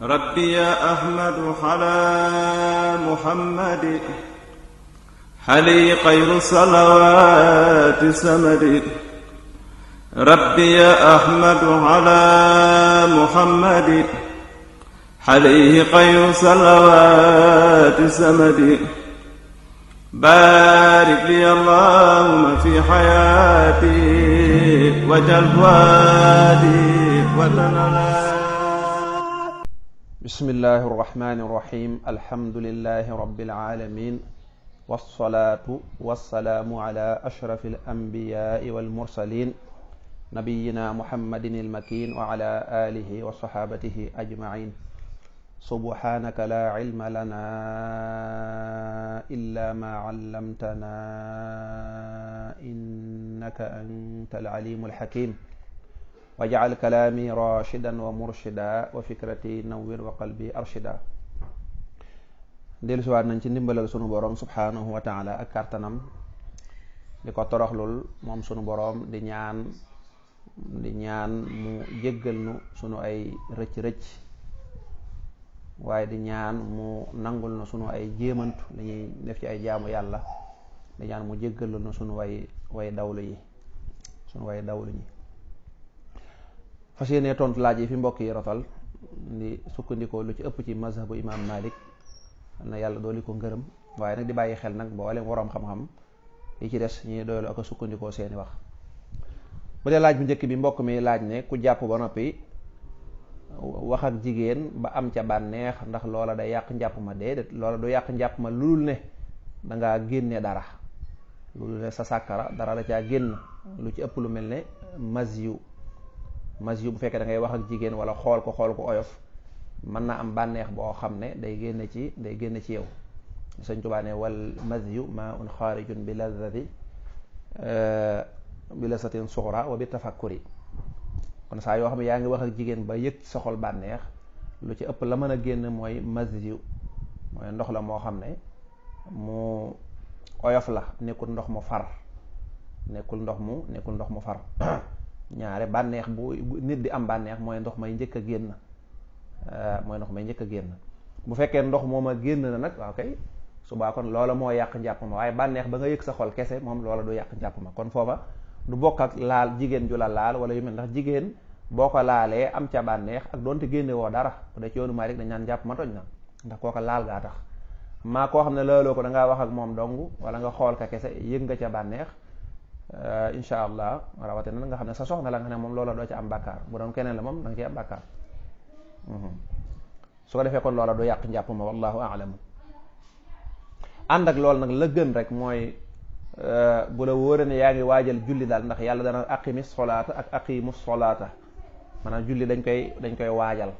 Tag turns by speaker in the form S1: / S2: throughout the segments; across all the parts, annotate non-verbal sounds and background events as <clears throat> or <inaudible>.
S1: ربي أحمد على محمد حلي خير صلوات سمد ربي أحمد على محمد حليه خير صلوات سمد بارك لي اللهم في حياتي وجل وادي وتنالي bismillahi irrahmani irrahim alhamdulilahi rabilalamin walsalaatu walsalaamu ala ashrafi alambiyaai walmursalin nabiyina muhammadin ilmakin wa ala alihi wa sahabatihi ajmain subhanaka la ilma lana illa ma allamtana innaka anta alalimu alhakim wajaal kalaami rashidan wa murshida wa fikrati nawwir wa qalbi arshida dellusiwaat nañ ci ndimbalal sunu boroom subhaanahu wa taala ak kàttanam di ko toroxlul moom sunu boroom di ñaan di ñaan mu jéggal nu sunu ay rëcc-rëcc waaye di ñaan mu nangul na sunu ay jéemantu lañuy def ci ay jaamu yàlla di ñaan mu jéggal na sunu way way dawlu yi sunu way dawlu ñi fas yéene tontu laaj yi fi mbokk yi rotal di sukkandikoo lu ci ëpp ci mazhabu imaam Malik na yàlla dooli ko ngërëm waaye nag di bàyyi xel nag mboolem waroom xam-xam yi ci des ñuy doylu ak a sukkandikoo seeni wax bu dee laaj bu njëkk bi mbokk mi laaj ne ku jàpp ba noppi wax ak jigéen ba am ca bànneex ndax loola day yàq njàpp ma déedéet loola du yàq njàpp ma lulul ne dangaa génne dara lulul ne sa sàkkara dara da caa génn lu ci ëpp lu mel ne mas yu masiyu bu fekkee da ngay wax ak jigéen wala xool ko xool ko oyof mën na am bànneex boo xam ne day génn ci day génn ci yow sëñ Tuubaa ne wal masiyu ma un xaarijun bi lazati euh, bi lazatin suxra wa bi tafakkuri kon saa yoo xam ne yaa ngi wax ak jigéen ba yëg soxol bànneex lu ci ëpp la mën a génn mooy masiyu mooy ndox la moo xam ne mu oyof la nekkul ndox mu far nekkul ndox mu nekkul ndox mu far <coughs> ñaare bànneex bu nit di am bànneex mooy ndox may njëkk a génn euh, mooy ndox may njëkk génn bu fekkee ndox moom a génn na nag waaw kay subaa kon loola moo yàq njàpp ma waaye bànneex ba nga yëg sa xol kese moom loola du yàq njàpp kon foofa du bokk ak laal jigéen ju la laal wala yu mel ndax jigéen boo ko laalee am ca bànneex ak donte génne woo dara bu ci yoonu Maalik dañ naan njàpp ma toj na ndax kooka laal gaa tax maa koo xam ne laaloo ko da ngaa wax ak moom dong wala nga xool ka kese yëg nga ca bànneex Euh, incha allah rawatina na nga xam ne sa soxna la nga xam ne moom loola doo ci am bàkkaar bu doon keneen la moom da nga ci am bàkkaar mhm. su ko defee kon loola du yàq njàpp ma wallahu alam ak loolu nag la rek mooy euh, bu la wóoree ne waajal julli daal ndax yàlla dana aqimi solaata ak aqimu solaata maanaam julli dañ koy dañ koy waajal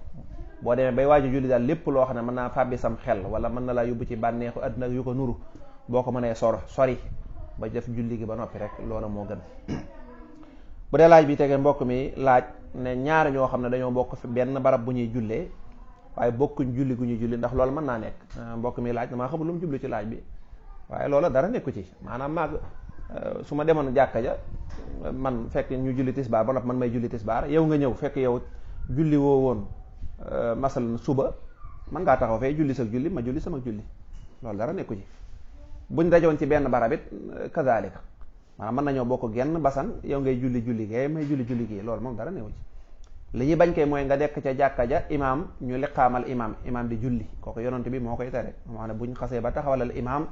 S1: boo demee bay waajal julli daal lépp loo xam ne mën naa fàbbi sam xel wala mën na laa yóbbu ci bànneexu àddina yu ko nuru boo ko mënee sor sori ba def julli gi ba noppi rek loola moo gën bu dee laaj bi tege mbokk mi laaj ne ñaar ñoo xam ne dañoo bokk fi benn barab bu ñuy jullee waaye bokkuñ julli gu ñuy julli ndax loolu mën naa nekk euh, mbokk mi laaj ma xamul lu mu jublu ci laaj bi waaye loola dara nekku ci maanaam maag euh, su ma demoon jàkka ja man fekk ñu julli tisbaar ba noppi man may julli tisbaar yow nga ñëw fekk yow julli woo woon euh, masal suba mën ngaa taxaw fee julli sa julli ma julli sama julli loolu dara nekku ci buñ dajoon ci benn barab it kazaalika maanaam mën nañoo bokk genn basan yow ngay julli julli gee may julli julli gii moom dara néew ci li ñuy bañ koy mooy nga dekk ca jàkka ja imaam ñu liqaamal imaam imaam di julli kooku yonent bi moo koy tere moo ne buñ xasee ba taxawalal imaam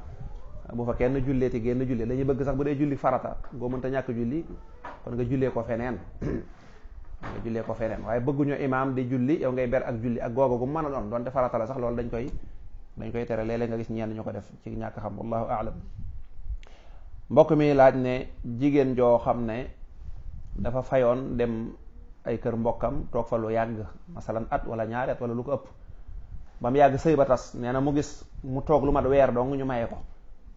S1: bu kenn jullee ti génn julli la ñuy bëgg sax bu dee julli farata goo mënta ñàkk julli kon nga jullee ko feneen <coughs> nga jullee ko feneen waaye bëgguñu imaam di julli ngay ber ak julli ak googu gu mën a doon doonte farata la sax loolu dañ koy dañ koy tere léeg nga gis ñenn ñu ko def ci ñàkk xam wallahu aalam mbokk mi laaj ne jigéen joo xam ne dafa fayoon dem ay kër mbokkam toog fa lu yàgg masalan at wala ñaari at lu ko ëpp ba mu yàgg sëy ba tas nee na mu gis mu toog lu mat weer dong ñu maye ko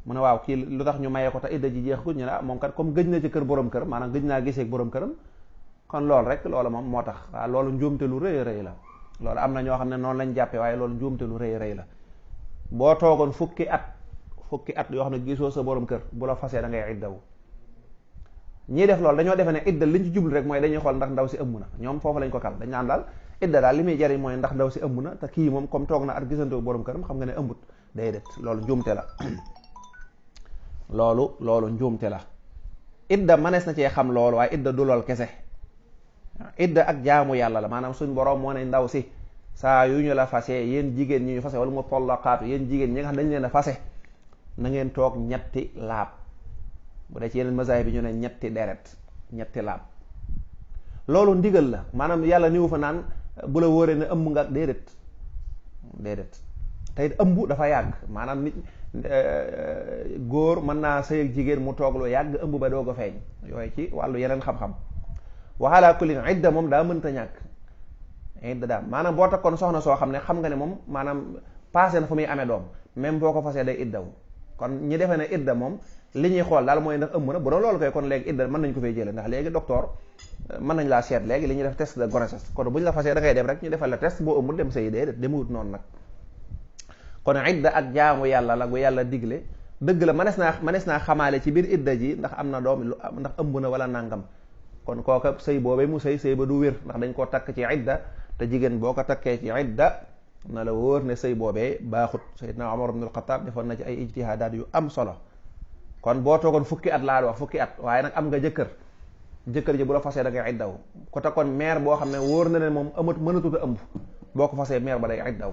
S1: mu ne waaw kii lu tax ñu maye ko te idda ji jeexagul ñu ne ah moom kat comme gëj na ci kër borom kër maanaam gëj naa gisee borom këram kon loolu rek loolu moom moo tax waaw loolu njuumte lu rëy rëy la loolu am na ñoo xam ne noonu lañ jàppee waaye loolu njuumte lu rëy rëy la boo toogoon fukki at fukki at yoo xam ne gisoo sa borom kër bu la fasee da ngay iddawu ñii def loolu dañoo defe ne idda li ñu jublu rek mooy dañuy xool ndax ndaw si ëmb na foofu lañ ko kal dañ naan daal idda li muy jariñ mooy ndax ndaw si ëmb na te kii moom comme toog na at gisante borom këram xam nga ne ëmbut day det loolu njuumte la <clears throat> loolu loolu njuumte la idda mënees na cee xam loolu waaye idda du lool kese idda ak jaamu yàlla la maanaam suñ borom moo ne ndaw si saa yu ñu la fase yéen jigéen ñi ñu fase wala mu tollaqaatu yéen jigéen ñi nga xam dañ leen a fase na ngeen toog ñetti laab bu dee ci yeneen masaay bi ñu ne ñetti deret ñetti laab loolu ndigal la maanaam yàlla wu fa naan bu la wóoree ne ëmb nga déedéet déedéet tey ëmb dafa yàgg maanaam nit euh, góor mën naa sëy ak jigéen mu toog lu yàgg ëmb ba doog feeñ yooyu ci wàllu yeneen xam-xam waxaalaa kulin idda moom daa mënta ñàkk indi daam maanaam boo takkoon soxna soo xam ne xam nga ne moom maanaam passé na fu muy amee doom même boo ko fasee day iddaw kon ñi defee ne idda moom li ñuy xool daal mooy ndax ëmb na bu doon loolu koy kon léegi idda mën nañ ko fay jële ndax léegi docteur euh, mën nañ laa seet léegi li ñuy def test de grossesse bu ñu la fasee da ngay dem rek ñu la test boo ëmbul dem say dee demut noonu nag kon idda ak jaamu yàlla la gu yàlla digle dëgg la manees naa manees naa xamaale ci biir idda ji ndax am na doom ndax ëmb na wala nàngam kon kooka sëy boobee mu sëy sëy ba du wér ndax dañ koo takk ci idda te jigéen boo ko takkee ci idda na la wóor ne sëy boobee baaxut sayyidna Umar ibn al-Khattab defoon na ci ay ijtihaadaat yu am solo kon boo toogoon fukki at laa wax fukki at waaye nag am nga jëkkër jëkkër ji bu la fasee da ngay iddaw ko te kon meer boo xam ne wóor na leen moom amat mënatut a ëmb boo ko fasee meer ba day iddaw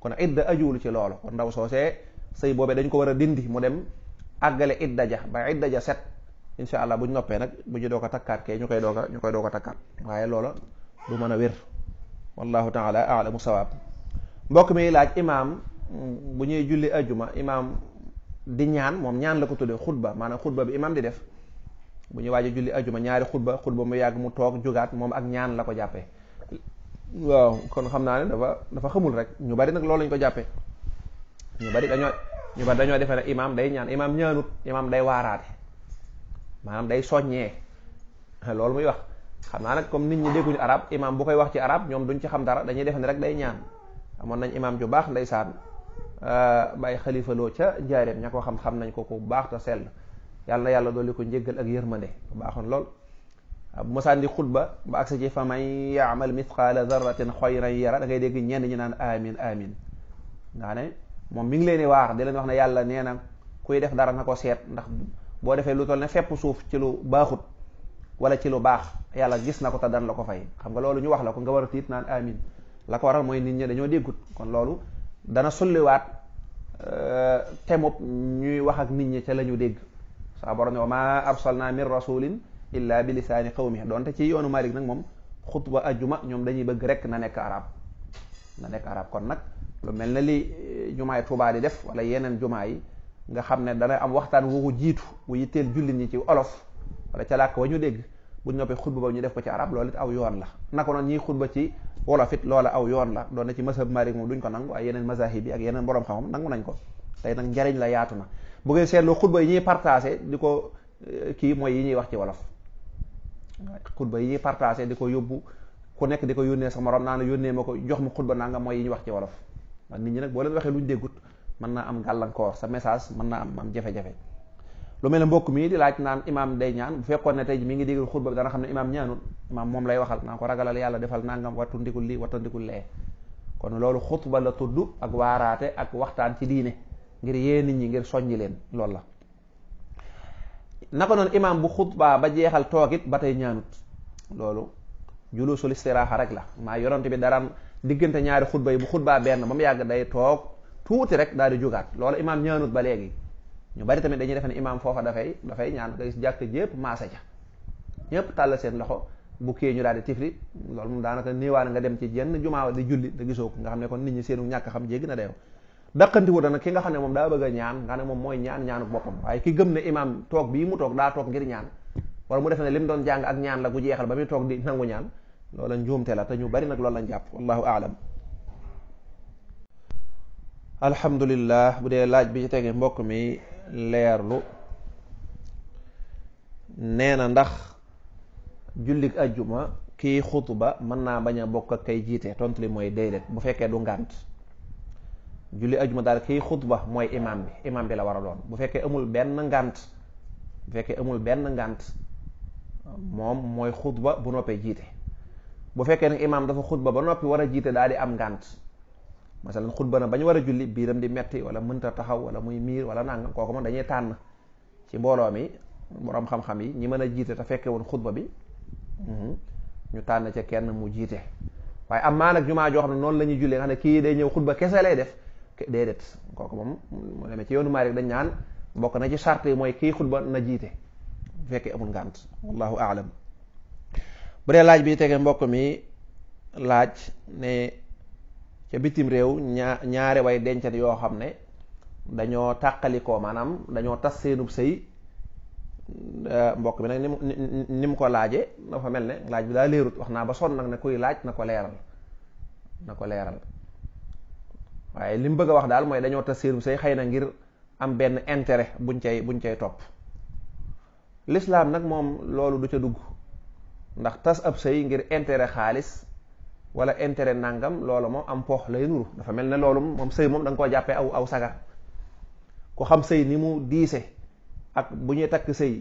S1: kon idda ajuwul ci loolu ndaw soosee sëy boobee dañ ko war a dindi mu dem àggale idda ja ba idda ja set insha allah bu noppee nag bu ñu doog a takkaat ñu koy doog ñu koy doog a takkaat waaye loola du mën a wér wallahu taala aalamu sawaab mbokk mi laaj imaam mm, bu ñuy julli ajuma imaam di ñaan moom ñaan la ko tuddee xutba maanaam xutba bi imaam di def bu ñu waaje julli ajuma ñaari xutba xutba mu yàgg mu toog jugaat moom ak ñaan la ko jàppe waaw kon xam naa ne dafa dafa xamul rek ñu bari nag loolu lañ ko jàppee ñu bari dañoo ñu bari dañoo defee ne imaam day ñaan imaam ñaanut imaam day waaraate maanaam day soññee <laughs> loolu muy wax xam naa nag comme nit ñi dégguñu arab imam bu koy wax ci arab ñoom duñ ci xam dara dañuy defe ne rek day ñaan amoon nañ imam ju baax ndeysaan euh, bàyyi xalifa loo ca njaareem ña ko xam xam nañ ko ku baax te sell yàlla na yàlla dolli ko njéggal ak yërmande bu baaxoon lool bu masaan di xutba ba agsi ci fa man yaamal mithqaala darratin xayran yara da ngay dégg ñenn ñi naan amin amin nga ne moom mi ngi leen di waax di leen wax ne yàlla nee na kuy def dara na ko seet ndax boo defee lu toll ne fepp suuf ci lu baaxut wala ci lu baax yàlla gis na ko te dan la ko fay xam nga loolu ñu wax la ko nga war a tiit naan amin la ko waral mooy nit ñi dañoo déggut kon loolu dana sulliwaat euh, temub ñuy wax ak nit ñi ca la ñu dégg saa borom ne wa ma arsalna min rasulin illa bi lisaani mi donte ci yoonu Malik nag moom ba xutba ajjuma ñoom dañuy bëgg rekk na nekk arab na nekk arab kon nag lu mel na li euh, jumaay Tuubaa di def wala yeneen jumaa yi nga xam ne dana am waxtaan wu ko ci olof wala ca làkk wa ñu dégg bu ñu noppee xutba ba ñu def ko ci arab loolu it aw yoon la naka noonu ñiy xutba ci wolof it loola aw yoon la doon na ci mazhab Malik moom duñ ko nangu ay yeneen mazahib ak yeneen borom xam-xam nangu nañ ko tey nag njariñ la yaatu na bu ngeen seetloo xutba yi ñuy partagé di ko eh, kii mooy yi ñuy wax ci wolof xutba yi ñuy partagé di ko yóbbu ku nekk di ko yónnee sa morom naa ne yónnee ma ko jox ma xutba naa nga mooy yi ñuy wax ci wolof nit ñi nag boo leen waxee luñ déggut mën naa am gàllankoor sa message mën naa am am jafe-jafe lu mel ne mbokk mii di laaj naan imaam day ñaan bu fekkoon ne tey ji mi ngi déglu xutba bi dana xam ne imaam ñaanul imaam moom lay waxal naa ko ragalal yàlla defal nangam wattandikul lii wattandikul lee kon loolu xutba la tudd ak waaraate ak waxtaan ci diine ngir yee nit ñi ngir soññi leen loolu la naka noonu imaam bu xutba ba jeexal toogit ba tey ñaanut loolu julusul istiraaxa rek la maa yonante bi dara diggante ñaari xutba yi bu xutbaa benn ba mu yàgg day toog tuuti rek daal di jógaat loolu imaam ñaanut ba léegi ñu bari tamit dañuy defe ne imaam foofa dafay dafay ñaan nga gis jàkk jépp maase ca ñëpp tàll seen loxo bu kii ñu daal di tifli loolu moom daanaka néewaan nga dem ci jenn jumaa di julli da gisoo ko nga xam ne kon nit ñi seenu ñàkk xam jéggi na dayoo daqantiwu nag ki nga xam ne moom daa bëgg ñaan nga xam ne moom mooy ñaan ñaanu boppam waaye ki gëm ne imaam toog bii mu toog daa toog ngir ñaan wala mu defe ne li doon jàng ak ñaan la gu jeexal ba muy too di nangu ñaan loola njuumte la te ñu bari nag loolu lañ jàpp wallahu bu dee laaj bi ci tege mbokk mi leerlu nee na ndax jullik ajjuma kii xutuba mën naa bañ a bokk ak kay jiite tontu li mooy déedéet bu fekkee du ngànt julli ajjuma daal kii xutba mooy imam bi imam bi la war a doon bu fekkee amul benn ngànt bu fekkee amul benn ngànt moom mooy xutba bu noppee jiite bu fekkee nag imam dafa xutba ba noppi war a jiite daal di am ngànt masalan xutba na ba ñu war a julli biiram di metti wala mënta taxaw wala muy miir wala nangam kooku moom dañuy tànn ci mbooloo mi borom xam-xam yi ñi mën a jiite te fekke woon xutba bi mhm, ñu tànn ca kenn mu jiite waaye am maa nag jumaa joo xam ne noonu la ñuy jullee nga xam ne kii day ñëw xutba kese lay def déedéet kooku moom mu ci yoonu Maalik dañ ñaan bokk na ci sart yi mooy kii xutba na jiite bu fekkee amul ngànt wallahu aalam bu dee laaj bi tege mbokk mi laaj ne ca bitim réew ñaa ñaari way dencat yoo xam ne dañoo tàqalikoo maanaam dañoo tas seenub sëy euh, mbokk bi nag ni mu ni mu ko laaje dafa mel ne laaj bi daa leerut wax naa ba sonn nag ne kuy laaj na ko leeral na ko leeral waaye li mu bëgg a wax daal mooy dañoo tas seenub sëy xëy na ngir am benn intérêt buñ cay buñ cay topp l'islam nag moom loolu du ca dugg ndax tas ab sëy ngir intérêt xaalis wala intérêt nangam loolu moom am poox lay nuru dafa mel ne loolu moom sëy moom da koo jàppee aw aw sagar ku xam sëy ni mu diise ak bu ñuy takk sëy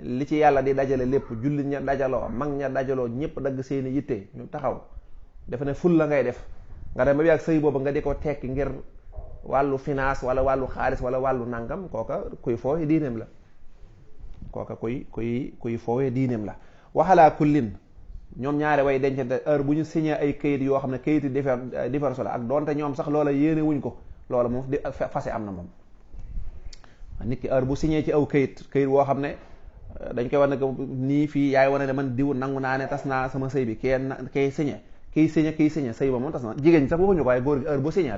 S1: li ci yàlla di dajale lépp jullit ña dajaloo mag ña dajaloo ñëpp dagg seeni yitte ñu taxaw dafa ne ful la ngay def nga dem ba bi ak sëy boobu nga di ko tekki ngir wàllu finance wala wàllu xaalis wala wàllu nangam kooka kuy foowe diineem la kooka kuy kuy kuy foowe diineem la waxalaa kullin ñoom ñaari way dencante heure bu ñu siñee ay kayit yoo xam ne kayit diffère différence la ak donte ñoom sax loola yéene ko loola moom di fase am na moom nit ki heure bu signé ci aw kayit kayit woo xam ne euh, dañ koy wax ne nii fii yaay wane ne man diw nangu naa ne tas naa sama sëy bi kee kay signé kiy signé kiy signé sëy ba moom tas na jigéen ñi sax waxuñu waaye góor gi heure bu signé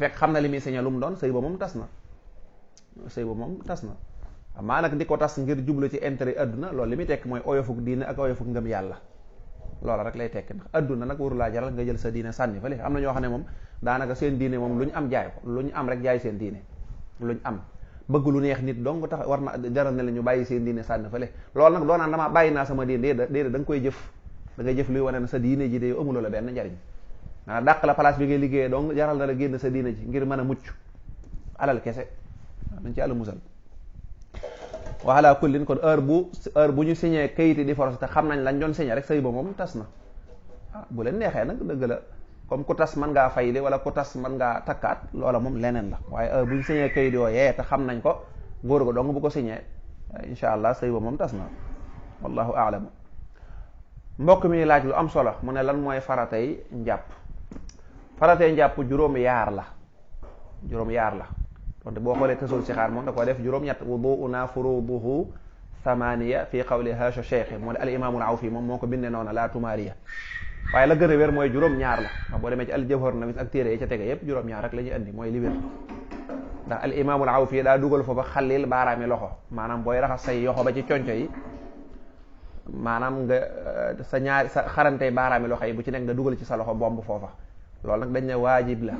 S1: rek xam na li muy signé lu mu doon sëy ba moom tas na sëy ba moom tas na amaa nag di ko tas ngir jublu ci intérêt àdduna loolu li muy tekk mooy oyofuk diine ak oyofuk ngëm yàlla loola rek lay tekki ndax adduna nag warulaa laa jaral nga jël sa diine sànni fale am na ñoo xam ne moom daanaka seen diine moom lu ñu am jaay ko lu ñu am rek jaay seen diine lu ñu am neex nit dong tax war na jaral ne la ñu bàyyi seen diine sànni fa le lool nag doonaan damaa bàyyi naa sama diine déedéet déedéet da nga koy jëf da nga jëf luy wane ne sa diine ji de yow amuloo la benn njariñ maanaam dàq la place bi ngay liggéeyee donc jaral na la génn sa diine ji ngir mën a mucc alal kese nañ ci àlla musal wa ala kullin kon heure bu heure bu ñu signé kayit yi di forcé te xam nañ lañ doon signé rek sëy ba moom tas na ah, bu leen neexee nag dëgg la comme ku tas man ngaa fayli wala ku tas man ngaa takkaat loola moom leneen la waaye heure bu ñu signé kayit yooyee te xam nañ ko góor ko dong bu ko signé incha allah sëy ba moom tas na wallahu aalamu mbokk mi laaj lu am solo mu ne lan mooy faratey njàpp faratay njàpp juróom yaar la juróom yaar la donte boo xoolee tasul sixaar moom da ko def juróom-ñett wuduuna furuduhu samaniya fi qawli haasha cheikh moo ne al imaamul awfi moom moo ko bindee noonu la tumaariya waaye la gën a wér mooy juróom-ñaar la ndax boo demee ci al jawhar nawis ak téere yi ca tege yépp juróom-ñaar rek la ñuy andi mooy li wér ndax al imaamul awfi daa dugal foofa xalil baaraami loxo maanaam booy raxas say yoxo ba ci conco yi maanaam nga uh, sa ñaar sa xarantey baaraami loxo yi bu ci nekk nga dugal ci sa loxo bomb foofa loolu nag dañ ne waajib la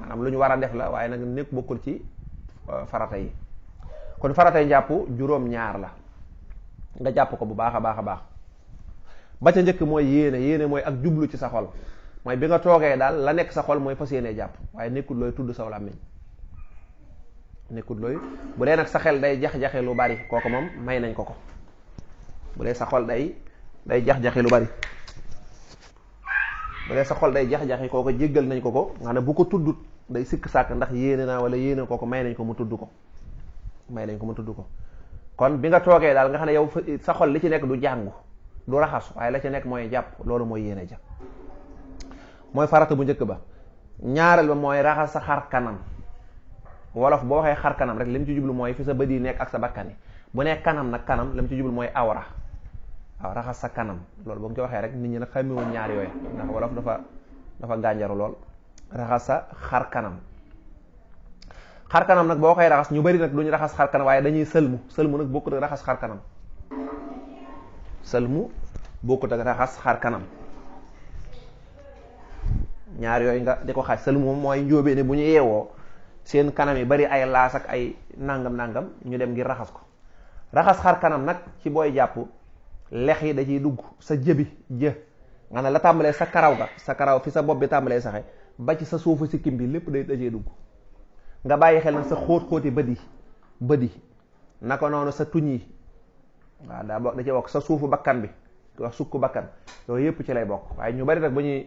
S1: maanaam lu ñu war a def la waaye nag nekk bokkul ci Euh, farata yi kon faratay yi jàpp juróom-ñaar la nga jàpp ko bu baax a baax a baax ba ca njëkk mooy yéene yéene mooy ak jublu ci sa xol mooy bi nga toogee daal la nekk sa xol mooy fas yéene jàpp waaye nekkul looy tudd saw làmmiñ nekkul looy bu dee nag sa xel day jax-jaxe lu bari kooku moom may nañ ko ko bu dee sa xol day day jax-jaxe lu bari bu dee day jax-jaxe kooku jéggal nañ ko ko nga ne bu ko tuddut day sikk sàkk ndax yéene naa wala yéene kooku may lañ ko mu tudd ko may nañ ko mu tudd ko kon bi nga toogee daal nga xam ne yow sa xol li ci nekk du jàngu du raxasu waaye la ci nekk mooy jàpp loolu mooy yéene ja mooy farata bu njëkk ba ñaareel ba mooy raxas sa xar kanam wolof boo waxee xar kanam rek li ci jublu mooy fi sa bët yi nekk ak sa bakkan bu nekk kanam nag kanam li ci jublu mooy awra waaw raxas sa kanam loolu boo ko waxee rek nit ñi nag xamewuñ ñaar yooyu ndax wolof dafa dafa gànjaru lool raxas sa xar kanam xar kanam nag boo koy raxas ñu bari nag duñu raxas xar kanam waaye dañuy sëlmu sëlmu nag bokkut ak raxas xar kanam sëlmu bokkut ak raxas xar kanam ñaar yooyu nga di ko xaaj sëlmu moom mooy njóobee ne bu ñu yeewoo seen kanam yi bari ay laas ak ay nangam nangam ñu dem ngir raxas ko raxas xar kanam nag ci booy jàpp lex yi dañuy dugg sa jëbi jë nga ne la tàmbalee sa karaw ga sa karaw fi sa bopp bi tàmbalee saxe ba ci sa suufu sikkim bi lépp day dajee dugg nga bàyyi xel na sa xóot-xóoti bët yi bët yi naka noonu sa tuñ yi waa daa bokk da ci bokk sa suufu bakkan bi wax sukk bakkan yooyu yëpp ci lay bokk waaye ñu bari nag ba ñuy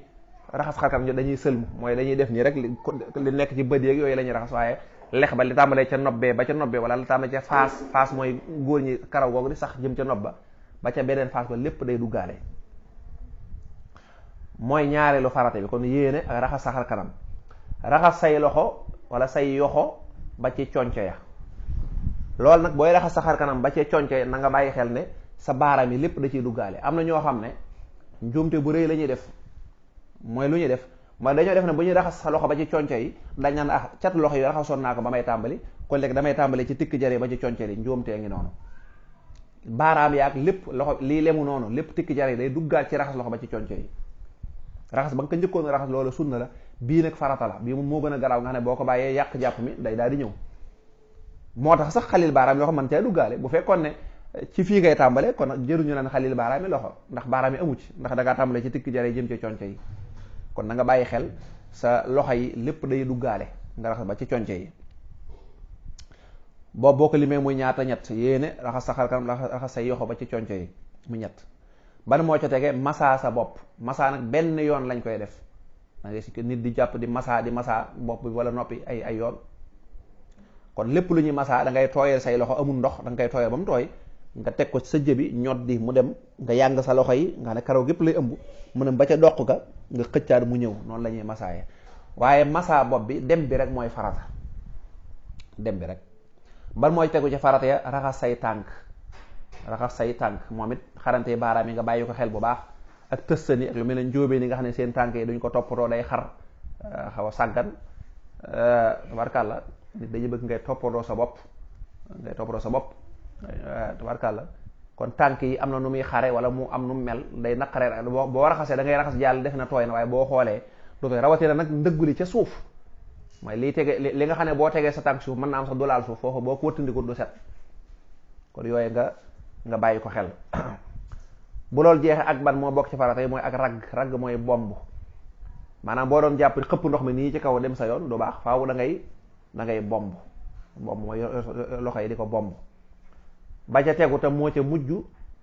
S1: raxas xarkan dañuy sëlmu mooy dañuy def nii rek li nekk ci bët yeeg yooyu la ñuy raxas waaye lex ba li tàmbalee ca nobbee ba ca nobbee wala li tàmbalee ca faas faas mooy góor ñi karaw googu di sax jëm ca nob ba ba ca beneen faas ba lépp day duggaale mooy ñaareelu farata bi kon yéene ak raxas saxar kanam raxas say loxo wala say yoxo ba ci conco ya loolu nag booy raxas saxar kanam ba ci conco ya na nga bàyyi xel ne sa baaraam yi lépp da ciy duggaale am na ñoo xam ne njuumte bu rëy la ñuy def mooy lu ñuy def mooy dañoo def ne ba ñu raxas sa loxo ba ci conco yi dañ naan ah cat loxo yi raxasoon naa ko ba may tàmbali kon léegi damay tàmbali ci tikki jare ba ci conco yi njuumtee ngi noonu baaraam yi ak lépp loxo lii lemu noonu lépp tikk jare day duggaat ci raxas loxo ba ci conco yi raxas ba nga ko njëkkoon a raxas loola sunna la bii nag farata la bii moo gën a garaaw nga xam ne boo ko bàyyee yàq jàpp mi day daal di ñëw moo tax sax xalil baaraam loxo man cay bu fekkoon ne ci fii ngay tàmbale kon jëruñu naan xalil baaraam yi loxo ndax baaraam yi amu ci ndax da ngaa tàmbale ci tikki jare jëm ci conco yi kon nanga bàyyi xel sa loxo yi lépp day duggaale nga raxas ba ci conco yi boobu boo ko limee muy ñaata ñett yéene raxas sa xar kanam raxas say yoxo ba ci conco yi mu ñett ban moo ca tegee masaa sa bopp masaa nag benn yoon lañ koy def da ngay si nit di jàpp di masaa di masaa bopp bi wala noppi ay ay yoon kon lépp lu ñuy masaa da ngay tooyal say loxo amul ndox da koy tooyal ba mu tooy nga teg ko sa jëbi ñot di mu dem nga yàng sa loxo yi nga ne karaw gépp lay ëmb mu ba ca doq ga nga xëccaat mu ñëw noonu lañuy ñuy masaayee waaye masaa bopp bi dem bi rek mooy farata dem bi rek ban mooy tegu ci farata ya raxas say tànk raxas say tànk moom it xarante baaraam yi nga bàyyi ko xel bu baax ak tëssani ak lu mel ne njóobeen yi nga xam ne seen tànk yi duñ ko toppatoo day xar euh, xaw a sàggan euh, tabarkàlla nit dañu bëgg ngay toppatoo sa bopp ngay toppatoo sa bopp euh, la kon tànk yi am na nu muy xare wala mu am nu mu mel day naqaree boo boo raxasee da ngay raxas jàll def na tooy na waaye boo xoolee du tooy rawatina nag ndëgguli ca suuf mooy liy tege li nga xam ne boo sa tànk suuf mën na am sax du laal suuf ko wëttandikul du nga bàyyi ko xel <clears throat> bu loolu jeexee ak ban moo bokk ci farata yi mooy ak ragg ragg mooy bomb maanaam boo doon jàpp xëpp ndox mi nii ci kaw dem sa yoon du baax faaw da ngay da ngay bomb bomb mooy loxo yi di ko bomb ba ca tegu te moo ca mujj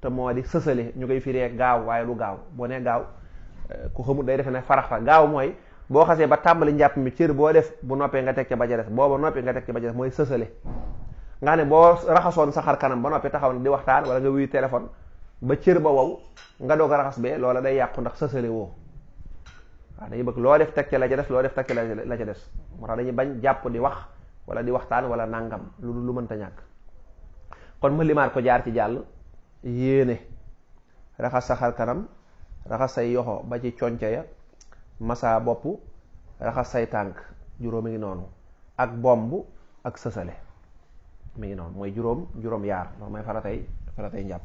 S1: te moo di sësale ñu koy firee gaaw waaye du gaaw boo nee gaaw eh, ku xamul day defe ne faraxta gaaw mooy boo xasee ba tàmbali njàpp mi cër boo def bu noppee nga teg ca ba ca des noppee nga teg ca mooy sësale nga ne boo raxasoon sa xar kanam ba noppi taxaw na di waxtaan wala nga wuyu téléphone ba cër ba wow nga doog a raxas bee loola day yàqu ndax sësale woo waaw dañuy bëgg loo def teg la ca des loo def teg ca la ca des moo tax dañuy bañ jàpp di wax wala di waxtaan wala nangam lu lu mënta ñàkk kon ma limaat ko jaar ci jàll yéene raxas sa xar kanam raxas say yoxo ba ci conca ya masaa bopp raxas say tànk juróomi ngi noonu ak bomb ak sësale mi ngi noonu mooy juróom juróom yaar loolu mooy faratay faratay njàpp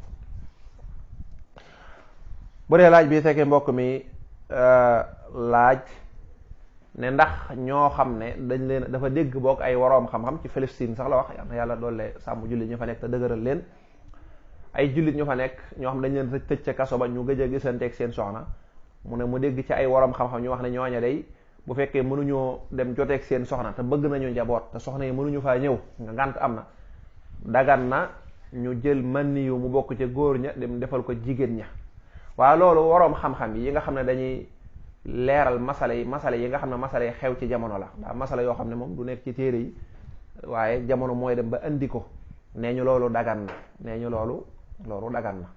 S1: bu dee laaj bi fekkee mbokk mi euh, laaj ne ndax ñoo xam ne dañ leen dafa dégg bokk ay woroom xam-xam ci Palestine sax la wax yal na yàlla doole sàmm jullit ñu fa nekk te dëgëral leen ay jullit ñu fa nekk ñoo xam dañ leen tëj ca kaso ba ñu gëj a gisanteeg seen soxna mu ne mu dégg ci ay woroom xam-xam ñu wax ne ñooña day bu fekkee mënuñoo dem joteeg seen soxna te bëgg nañu njaboot te soxna yi mënuñu faa ñëw dagan na ñu jël man maniyu mu bokk ca góor ña dem defal ko jigéen ña waaye loolu waroom xam-xam yi nga xam ne dañuy leeral masala yi masala yi nga xam ne masala yi xew ci jamono la ndax masala yoo xam ne moom du nekk ci téere yi waaye jamono mooy dem ba indi ko nee ñu loolu dagan na nee ñu loolu loolu dagan na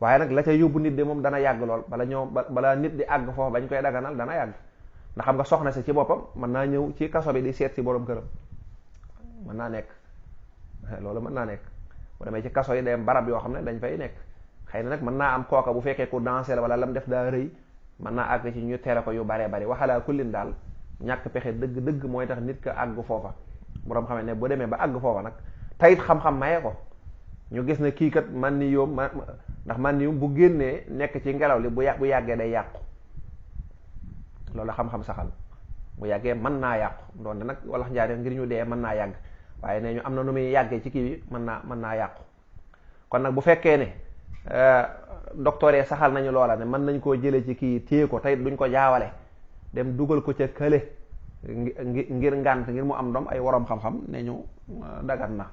S1: waaye nag la ca yóbbu nit de moom dana yàgg lool bala ñoo bala nit di àgg foofu bañ koy daganal dana yàgg ndax xam nga soxna si ci boppam mën naa ñëw ci kaso bi di seet si borom këram naa nekk <laughs> loolu mën naa nekk bu demee ci kaso yi de barab yoo xam ne dañ fay nekk xëy na nag mën naa am kooka bu fekkee ku dansé la wala lam def daa rëy mën naa àgg ci ñu tere ko yu baree bari waxalaa kullin daal ñàkk pexe dëgg dëgg mooy tax nit ka àgg foofa boroom xam ne bu demee ba àgg foofa nag tayit xam-xam maye ko ñu gis ne kii kat man ni yoom ma ndax man ni yoom bu génnee nekk ci ngelaw li bu yà bu yàggee day yàqu loolu xam-xam saxal bu yàggee mën naa yàqu doon nag wala njaare ngir ñu dee mën naa yàgg waaye nee ñu am na nu muy yàggee ci kii bi mën naa mën naa yàqu kon nag bu fekkee ne euh, docteur yi saxal nañu loola ne mën nañ koo jëlee ci kii téye ko tey duñ ko jaawale dem dugal ko ca kële ngir ngànt ngir mu am doom ay waroom xam-xam ne ñu euh, dagat na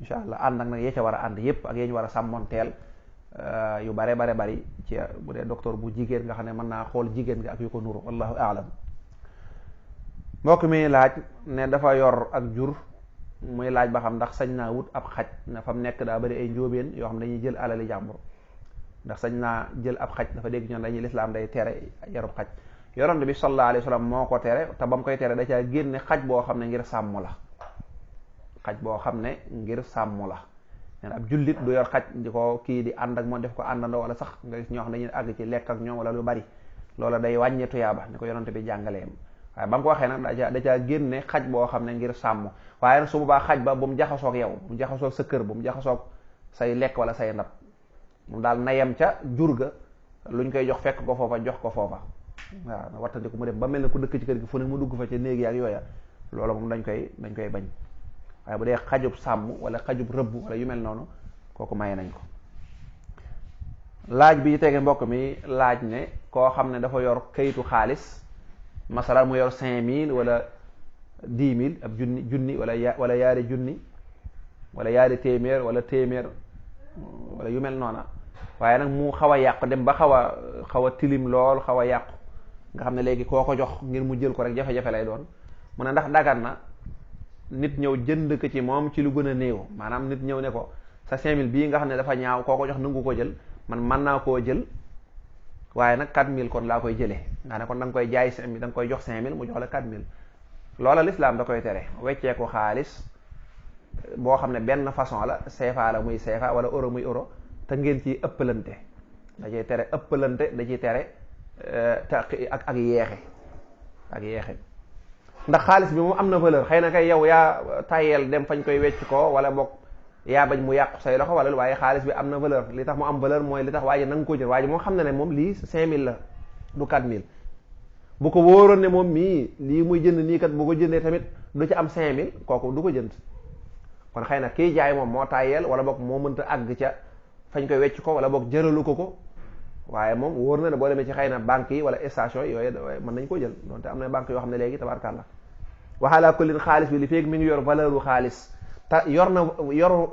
S1: insha allah ànd ak nag yee ca war a ànd yépp ak yee ñu war a sàmmonteel euh, yu bare bare bari ci bu dee docteur bu jigéen nga xam ne mën naa xool jigéen nga ak yu ko nuru wallahu aalam mbokk mi laaj dafa yor ak jur muy laaj ba xam ndax sañ naa wut ab xaj na fa mu nekk daa bari ay njóobeen yoo xam dañuy jël alali jàmbur ndax sañ naa jël ab xaj dafa dégg ñoom dañuy lislaam day tere yarub xaj yonent bi sallallahu alayhi wa sallam moo ko tere te ba koy tere da caa génne xaj boo xam ne ngir sàmmu la xaj boo xam ne ngir sàmm la neen ab jullit du yor xaj di ko kii di ànd ak moom def ko àndandoo wala sax nga gis ñoo xam dañuy àgg ci lekk ak ñoom wala lu bari loola day wàññe tuyaaba ni ko yonent bi jàngaleem waaye ba mu ko waxee nag da caa génne xaj boo xam ne ngir sàmm waaye su su baax xaj ba bu mu jaxasoog yow bu mu jaxasoog sa kër bu mu jaxasoog say lekk wala say ndab moom daal na yem ca jur ga lu luñ koy jox fekk ko foofa jox ko foofa waaw ko mu dem ba mel ne ku dëkk ci kër gi fu ne mu dugg fa ca néegi ak yooya loolu moom dañ koy dañ koy bañ waaye bu dee xajub sàmm wala xajub rëbb wala yu mel noonu kooku may nañ ko laaj bi tege mbokk mi laaj ne koo xam ne dafa yor kayitu xaalis masalan mu yor cinq mille wala dix mille ab junni junni wala ya wala yaari junni wala yaari téeméer wala téeméer wala yu mel noona waaye nag mu xaw a yàqu dem ba xaw a xaw a tilim lool xaw a yàqu nga xam ne léegi koo ko jox ngir mu jël ko rek jafe-jafe lay doon mu ne ndax dagan na nit ñëw jën ko ci moom ci lu gën a néew maanaam nit ñëw ne ko sa cinq mille bii nga xam ne dafa ñaaw koo ko jox nangu ko jël man mën naa koo jël waaye nag quatre mille kon laa koy jëlee nga ne kon da nga koy jaay jox cinq mille mu jox la quatre mille loola lislaam da koy tere wecceeku xaalis eh, boo xam ne benn façon la CFA la muy CFA wala euro muy euro te ngeen ci ëpplante da ciy tere ëppalante da ciy tere eh, te ak ak yeexe ak yeexe ndax xaalis bi moom am na valeur xay na kay yow yaa tayel dem fañ koy wecc ko wala boog yaa bañ mu yàqu say loxo wala waaye xaalis bi am na valeur li tax mu am valeur mooy li tax waa ji ko jël waa moo xam ne ne moom lii 5000 la du 4000 bu ko wóoroon ne moom mii lii muy jënd nii kat boo ko jëndee tamit du ca am cinq mille kooku du ko jënd kon xëy na kii jaay moom moo tàyyeel wala bokk moo mënta àgg ca fañ ko wecc ko wala boog jëralu ko ko waaye moom wóor na ne boo demee ci xëy na banque yi wala station yooyu mën nañ ko jël donte am na banque yoo xam ne léegi tabarkàlla waxaalaa ko leen xaalis bi li feeg mi ngi yor valeur xaalis te yor na yor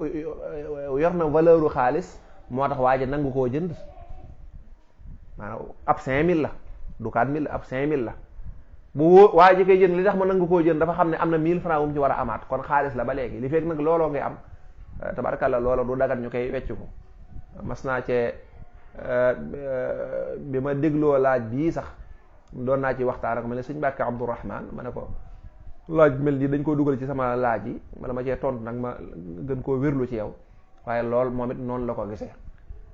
S1: yor na valeur u xaalis moo tax waaja nangu koo jënd maanaam ab cinq mille la du mil ab 5000 la bu wóo waa ji jën li tax ma nangu koo jën dafa xam ne am na mil francs mu ci war a amaat kon xaalis la ba léegi li fekk nag looloo ngay am euh, tabarkalla looloo du dagat ñu koy wecc ko mas naa cee euh, bi ma dégloo laaj bii sax doon naa ci waxtaan ak ma ne sëñ Mbàkke Abdourahman ma ne ko laaj mel nii dañ koo dugal ci sama laaj yi wala ma cee tontu nag ma gën koo wérlu ci yow waaye lool moom it noonu la ko gisee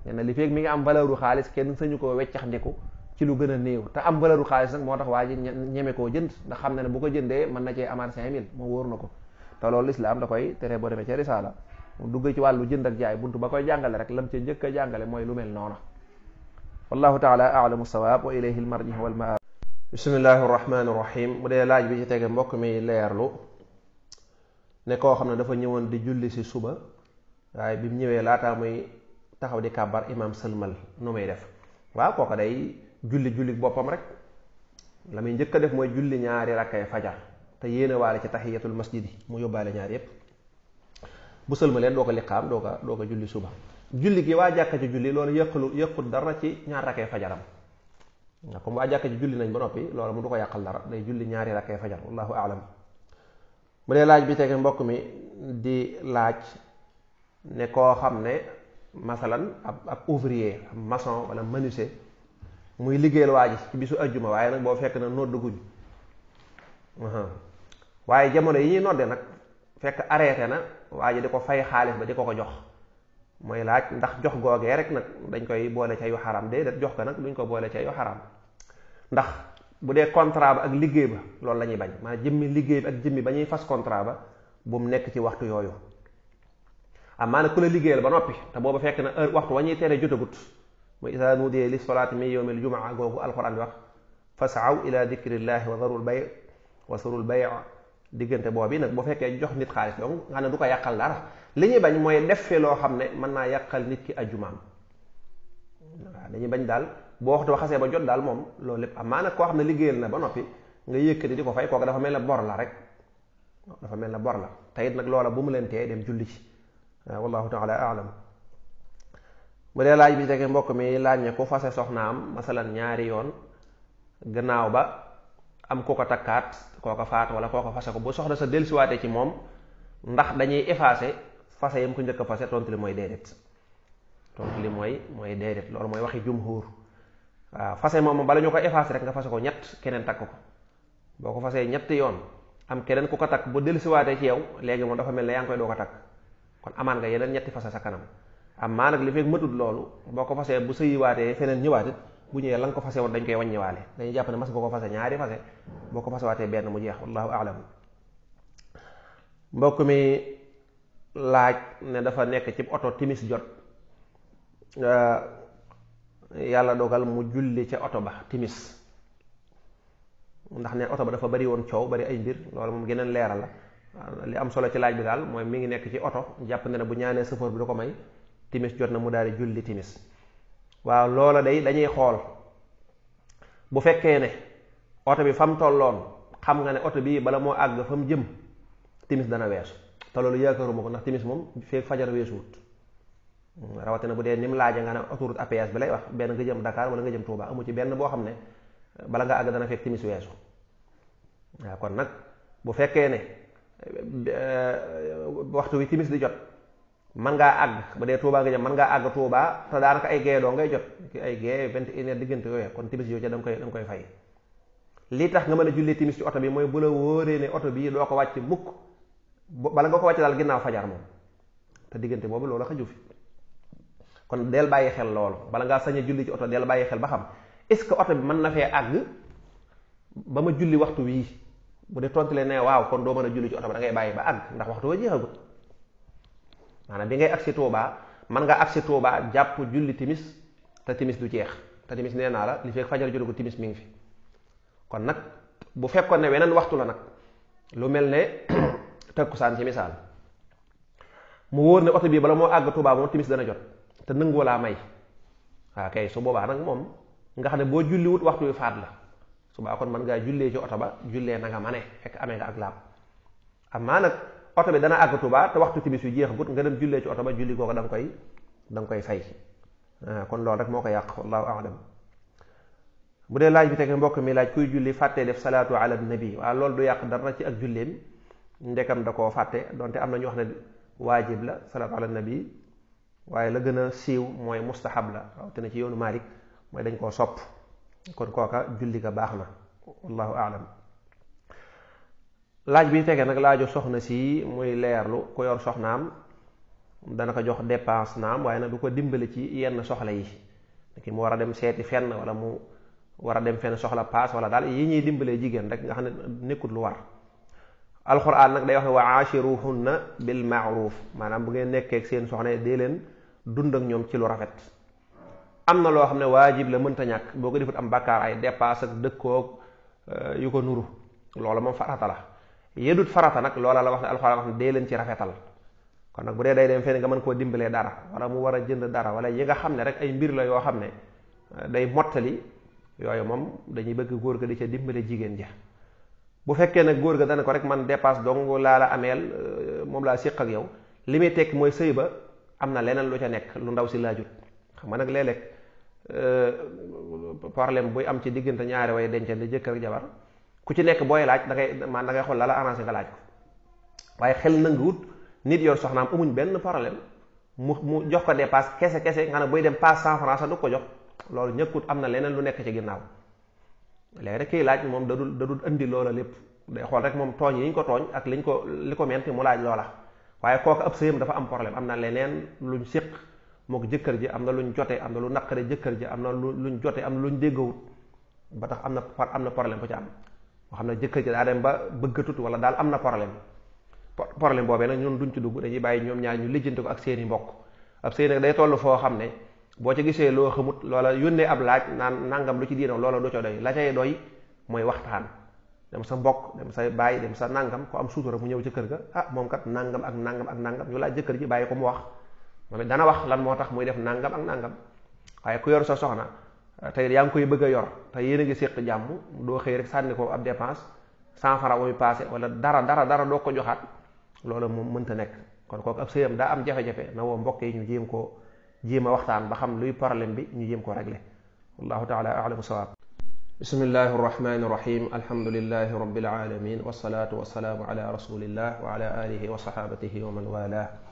S1: nee na li feeg mi ngi am valeur xaalis kenn sañu koo weccax ndiku ci lu gën a néew te am valeur xaalis nag moo tax waa ji ñeme koo jënd ndax xam na ne bu ko jëndee mën na cee amaat cinq mille moom wóor na ko te loolu lislaam da koy tere boo demee ca risaala mu dugg ci wàllu jënd ak jaay buntu ba koy jàngale rek lam ca njëkk a jàngale mooy lu mel noona wallahu taala alamu sawaab wa ilayhi almarji wal maab bismillahi arrahmani irrahim bu dee laaj bi ci tege mbokk mi leerlu ne koo xam ne dafa ñëwoon di julli si suba waaye bi mu ñëwee laataa muy taxaw di kàbbar imam sëlmal nu muy def julli julli boppam rek la muy njëkk def mooy julli ñaari rakkay fajar te yéene waale ci tahiyatul masjid yi mu yóbbaale ñaari yépp bu sëlmalee doo ko liqaam doo ko doo ko julli suba julli gi waa jàkka ci julli loolu yëqalu yëqul dara ci ñaar rakkay fajaram ndax comme waa jàkka ci julli nañ ba noppi loolu mu du ko yàqal dara day julli ñaari rakkay fajar wallahu aalam bu dee laaj bi tege mbokk mi di laaj ne koo xam ne masalan ab ab ouvrier ab maçon wala menuisier muy liggéeyal waa ji ci bisu ajjuma waaye nag boo fekk na nodd guñ waaye jamono yi ñuy nodde nag fekk arrêté na waa ji di ko fay xaalis ba di ko ko jox mooy laaj ndax jox googee rek nag dañ koy boole ca yu xaram déedéet jox ko nag duñ ko boole ca yu xaram ndax bu dee contrat ba ak liggéey ba loolu la ñuy bañ maa jëmmi liggéey bi ak jëmmi ba ñuy fas contrat ba bu mu nekk ci waxtu yooyu amaana ku la liggéeyal ba noppi te booba fekk na heure waxtu wa ñuy tere jotagut wa ida nuudiya li solaati min yowmi aljumaa googu alquran bi wax fasaw ila dikrillahi wa darul bay wa sarul bay diggante boobu nag bu fekkee jox nit xaalis donc nga ne du ko yàqal dara li ñuy bañ mooy def fi loo xam ne mën naa yàqal nit ki ajumaam waaw dañuy bañ daal boo waxtu ba xasee ba jot daal moom loolu lépp am maanaam koo xam ne liggéeyal na ba noppi nga yëkkati di ko fay kooku dafa mel ne bor la rek dafa mel ne bor la te it nag loola bu mu leen tee dem julli ci wallahu taala aalam bu dee laaj bi jege mbokk mi laaj ne ku fase soxnaam masalan ñaari yoon gannaaw ba am ku ko takkaat koo ko faat wala koo ko fase ko bu soxna sa dellusiwaatee ci moom ndax dañuy effacer fase yam ko njëkk a fase tontu li mooy déedéet tontu li mooy mooy déedéet loolu mooy waxi jumhur waaw fase moom bala ñu ko effacer rek nga fase ko ñett keneen takk ko boo ko fasee ñett yoon am keneen ku ko takk bu dellusiwaatee ci yow léegi moom dafa mel ne yaa ngi ko takk kon amaan nga yeneen ñetti fase sa kanam am maa nag li fekk matut loolu boo ko fasee bu sëyiwaatee feneen ñëwaatit bu ñëwee la ko fase woon dañ koy wàññiwaale dañuy jàpp ne mas nga ko fase ñaari fase boo ko fasewaatee benn mu jeex wallahu aalam mbokk mi laaj ne dafa nekk ci oto timis jot eh, yàlla dogal mu julli ca oto ba timis ndax ne oto ba dafa bari woon coow bari ay mbir loolu moom geneen leeral la li am solo ci laaj bi daal mooy mi ngi nekk ci oto jàpp na ne bu ñaanee sëfoor bi da ko may timis jot na mu daal di julli timis waaw loola day dañuy xool bu fekkee ne oto bi fa mu tolloon xam nga ne oto bii bala moo àgg fa mu jëm timis dana weesu te loolu yaakaaruma ko ndax timis moom feek fajar weesuwut rawatina bu dee ni mu laaja nga ne autoroute à péage bi lay wax benn nga jëm dakaar wala nga jëm Touba amu ci benn boo xam ne bala nga àgg dana fekk timis weesu waaw kon nag bu fekkee ne eh, waxtu wi timis di jot man ngaa àgg ba dee Touba nga jëm man ngaa àgg Touba te daanaka ay gee doo ngay jot ki ay gee vingt et une heures diggante yooyu kon timis yooyu ca da nga koy da koy fay li tax nga mën a jullee timis ci oto bi mooy bu la wóoree ne oto bi doo ko wàcc mukk bala nga ko wàcc daal ginnaaw fajar moom te boobu loolu xaju fi kon del bàyyi xel loolu bala ngaa sañ julli ci oto del bàyyi xel ba xam est ce que oto bi man na fee àgg ba ma julli waxtu wii bu dee tontu leen ne waaw kon doo mën a julli ci oto ba da ngay bàyyi ba àgg ndax waxtu wa jeexagut maanaam bi ngay agsi Touba mën nga agsi Touba jàpp julli timis te timis du jeex te timis nee naa la li fekk fajar jotu ko timis mi ngi fi kon nag bu fekkoon ne weneen waxtu la nag lu mel ne <coughs> takkusaan ci misaal mu wóor ne oto bii bala moo àgg Touba moom timis dana jot te nangu laa may waaw kay su boobaa nag moom nga xam ne boo julliwut waxtu wi faat la su baa kon mën ngaa jullee ci oto ba jullee na nga mane fekk amee nga ak laab amaa nag oto bi dana àgg Tuubaa te waxtu timis yu jeexagut nga dem jullee ci oto ba julli kooku da nga koy da koy fay ah, kon loolu rek moo ko yàq wallahu a'lam bu dee laaj bi teg mbokk mi laaj kuy julli fàttee def salaatu ala nabi waaw lool du yàq dara ci ak julleem ndekam da koo fàtte donte am na ñu wax ne waajib la salaatu ala nabi waaye la gën a siiw mooy mustahab la rawatina ci yoonu Maalik mooy dañ koo sopp kon kooka julli ga baax na wallahu a'lam laaj bi fekkee nag laaju soxna si muy leerlu ku yor soxnaam dana ko jox dépense naam waaye nag du ko dimbali ci yenn soxla yi ki mu war a dem seeti fenn wala mu war a dem fenn soxla paase wala daal yi ñuy dimbalee jigéen rek nga xam ne nekkut lu war alquran nag day wax ne wa aachiruhunna bil maaruf maanaam bu ngeen nekkee seen soxna dee leen dund ak ñoom ci lu rafet am na loo xam ne waajib la mënta ñàkk boo ko defut am bàkkaar ay dépasse ak dëkkoog euh, yu ko nuru loolu moom farata la yëdut farata nag loola la wax ne alxuraan wax ne dee leen ci rafetal kon nag bu dee day dem fenn nga mën koo dimbalee dara wala mu war a jënd dara wala yi nga xam ne rek ay mbir la yoo xam ne euh, day mottali yooyu moom dañuy bëgg góor ga di ca dimbale jigéen ja bu fekkee nag góor ga dana ko rek man dépasse dong laa la ameel euh, moom laa siq ak yow li muy tekki mooy sëy ba am na leneen lu ca nekk lu ndaw si laajut xam nga nag léeg-léeg euh, problème buy am ci diggante ñaari way dencante jëkkër ak jabar ku ci nekk booy laaj dangay ngay man da ngay xool la arrangé nga laaj ko waaye xel nanguwut nit yor soxnaam amuñ benn problème mu mu jox ko dépasse kese kese nga ne booy dem passe cent francs du ko jox loolu ñëkkut am na leneen lu nekk ci ginnaaw léegi rek kiy laaj moom da dul indi loola lépp day xool rek moom tooñ yi ko tooñ ak liñ ko li ko menti mu laaj loola waaye kooku ab sëyam dafa am am na leneen luñ séq mook jëkkër ji am na luñ jote am na lu naqare jëkkër ji am na lu luñ jote am na luñ déggawut ba tax am na am na problème bu ci am moo xam ne jëkkër ji daa dem ba bëggatut wala daal am na problème problème boobee nag ñun duñ ci dugg dañuy bàyyi ñoom ñaar ñu lijjante ko ak seeni mbokk ab sëy day toll foo xam ne boo ca gisee loo xamut loola yónnee ab laaj naan nangam lu ci diina loola du ca doy la cay doy mooy waxtaan dem sa mbokk dem sa bàyyi dem sa nangam ko am suutura mu ñëw ca kër ga ah moom kat nangam ak nangam ak nangam ñu laaj jëkkër ji bàyyi ko mu wax moom it dana wax lan moo tax muy def nangam ak nangam waaye ku yor sa soxna Euh, tey yaa ngi koy bëgg yor te yéen a ngi séq jàmm doo xëy rek sànni ko ab dépense cent franc muy passé wala dara dara dara doo ko joxaat loolu moom mënta nekk kon kooku ab sëyam daa am jafe-jafe na woo mbokk yi ñu jéem ko jéem a waxtaan ba xam luy problème bi ñu jéem koo régler wallahu taala alamu sawaab bismillahi arrahmani irrahim alhamdulilahi rabbil alamin wasalaatu wasalaamu ala rasulillah wa ala alihi wa sahabatihi wa man wala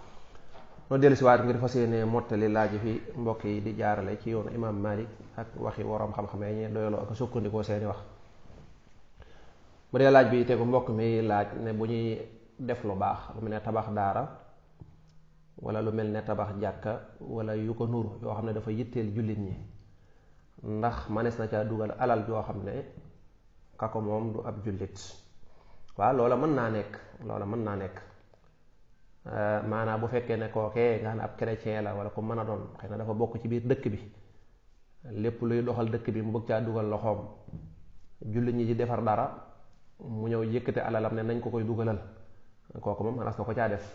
S1: noo dellu si waat ngir fas yéene mottali laaj fi mbokk yi di jaarale ci yoonu imaam Malik ak waxi waroom xam-xam yi ñu doyaloo ak sukkandikoo seeni wax bu dee laaj bi tegu mbokk mi laaj ne bu ñuy def lu baax lu mel ne tabax daara wala lu mel ne tabax jàkka walla yu ko nur yoo xam ne dafa yitteel jullit ñi ndax manees na caa dugal alal yoo xam ne kako moom du ab jullit waa loola mën naa nekk loola mën naa nekk maanaam bu fekkee ne kookee nga xam ne ab chrétien la wala ku mën a doon xëy na dafa bokk ci biir dëkk bi lépp luy doxal dëkk bi mu bëgg caa dugal loxoom jullit ñi ci defar dara mu ñëw yëkkate alalam ne nañ ko koy dugalal kooku moom manas na ko caa def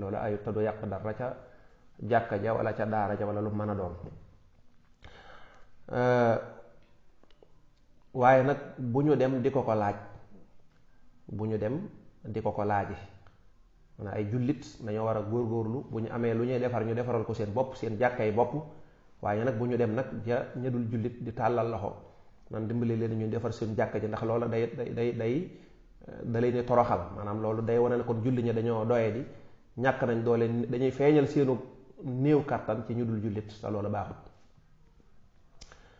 S1: loolu ayut te du yàq dara ca jàkk ja wala ca daara ja wala lu mën a doon waaye nag bu ñu dem di ko ko laaj bu ñu dem di ko ko laaji maanaam ay jullit dañoo war a góor góorlu bu ñu amee lu ñuy defar ñu defaral ko seen bopp seen jàkkay bopp waaye nag bu ñu dem nag ja ñadul jullit di tàllal loxo nan dimbali leen ñu defar seen jàkk ji ndax loola day day day eh, da leen di maanaam loolu day wane ne kon julli ña dañoo doye di ñàkk nañ doole dañuy feeñal seenu néew kàttan ci ñu dul jullit te loolu baaxut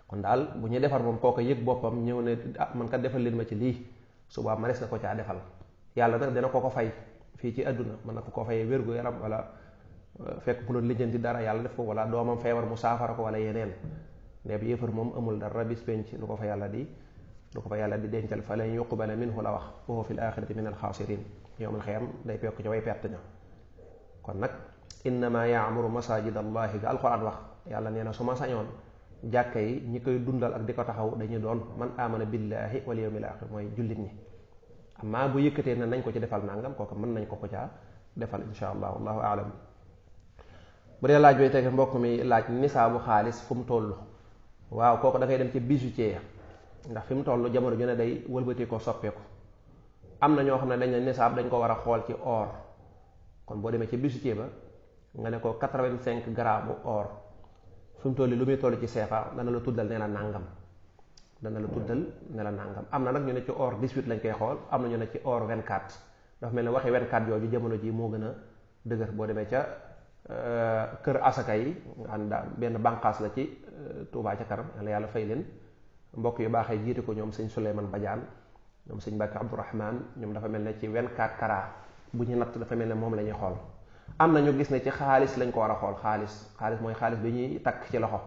S1: kon daal bu ñuy defar moom kooku yëg boppam ñëw ne ah man kat defal leen ma ci lii subaa ma na ko caa defal yàlla nag dana ko ko fay fii ci àdduna mën na ko koo fayee wérgu yaram wala euh, fekk ku doon lijjanti dara yàlla def ko wala doomam feebar mu saafara ko wala yeneen neeb yéefar moom amul dara bis penc lu ko fa yàlla di lu ko fa yàlla di dencal fa lan yuqbala minhu la wax wa huwa fil axirati min alxaasirin yowmal xiyam day pekk ci way perte ña kon nag innama yaamuru masajid allahi ga alquran wax yàlla nee na su ma sañoon jàkka yi ñi koy dundal ak di ko taxaw dañuy doon man amana billahi wal yawmil axir mooy jullit ñi amaa bu yëkkatee ne nañ ko ci defal nangam kooku mën nañ ko ko caa defal insha allah wallahu aalam bu dee laaj bay tege mbokk mi laaj nisaabu xaalis fu mu toll waaw kooku da ngay dem ci bijoutier ndax fi mu toll jamono ju ne day wëlbati ko soppeeku am na ñoo xam ne dañ ne nisaab dañ ko war a xool ci or kon boo demee ci bijoutier ba nga ne ko quatre-vingt-cinq grammes or fu mu lu muy toll ci CFA dana la tuddal nee na nàngam dana la tuddal ne la nàngam am na nag ñu ne ci or 18 lañ koy xool am na ñu ne ci or 24 dafa mel ne waxi 24 yooyu jamono ji moo gën a dëgër boo demee ca euh, kër asaka yi ànd benn banqaas la ci euh, Touba ci kanam la yàlla fay leen mbokk yu baaxee jiite ko ñoom sëñ Souleymane Badiane ñoom sëñ Mbacke Abdourahman ñoom dafa mel na ci 24 kara bu ñu natt dafa mel ne moom la ñuy xool am na ñu gis ne ci xaalis lañ ko war a xool xaalis xaalis mooy xaalis bi ñuy takk ci loxo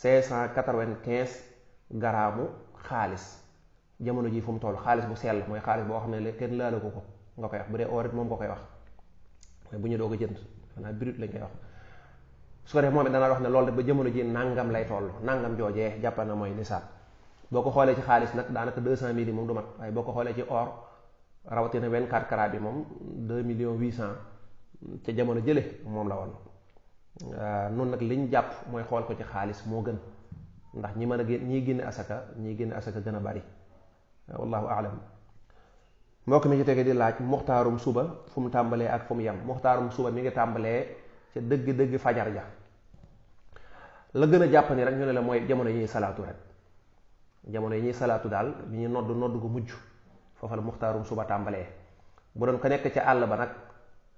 S1: cinq cent quatre-vingt-quinze garaamu xaalis jamono ji fu mu toll xaalis bu sell mooy xaalis boo xam ne kenn laalu ko ko nga koy wax bu dee or it moom nga koy wax mooy bu ñu doog a jënd xanaa brut lañ koy wax su ko defee moom it danaa wax ne loolu ba jamono ji nangam lay toll nangam joojee jàpp mooy nisaab boo ko xoolee ci xaalis nag daanaka deux cent mille moom du mat waaye boo ko xoolee ci or rawatina vingt-quatre carats bi moom deux millions huit cent ca jamono jële moom la woon Euh, noonu nag liñ jàpp mooy xool ko ci xaalis moo gën ndax ñi mën a génn ñiy génne asaka ñi génn asaka gën a bari euh, wallahu aalam mbokk mi ci tege di laaj muxtaarum suba fu tàmbalee ak fu mu muxtaarum suba mi ngi tàmbalee ca dëgg-dëgg fajar ja la gën a jàpp ni rek ñu ne la mooy jamono yi ñuy salaatu rek jamono yi ñuy salaatu daal bi ñuy nodd nodd gu mujj foofa la muxtaarum suba tàmbalee bu doon ko nekk ci àll ba nag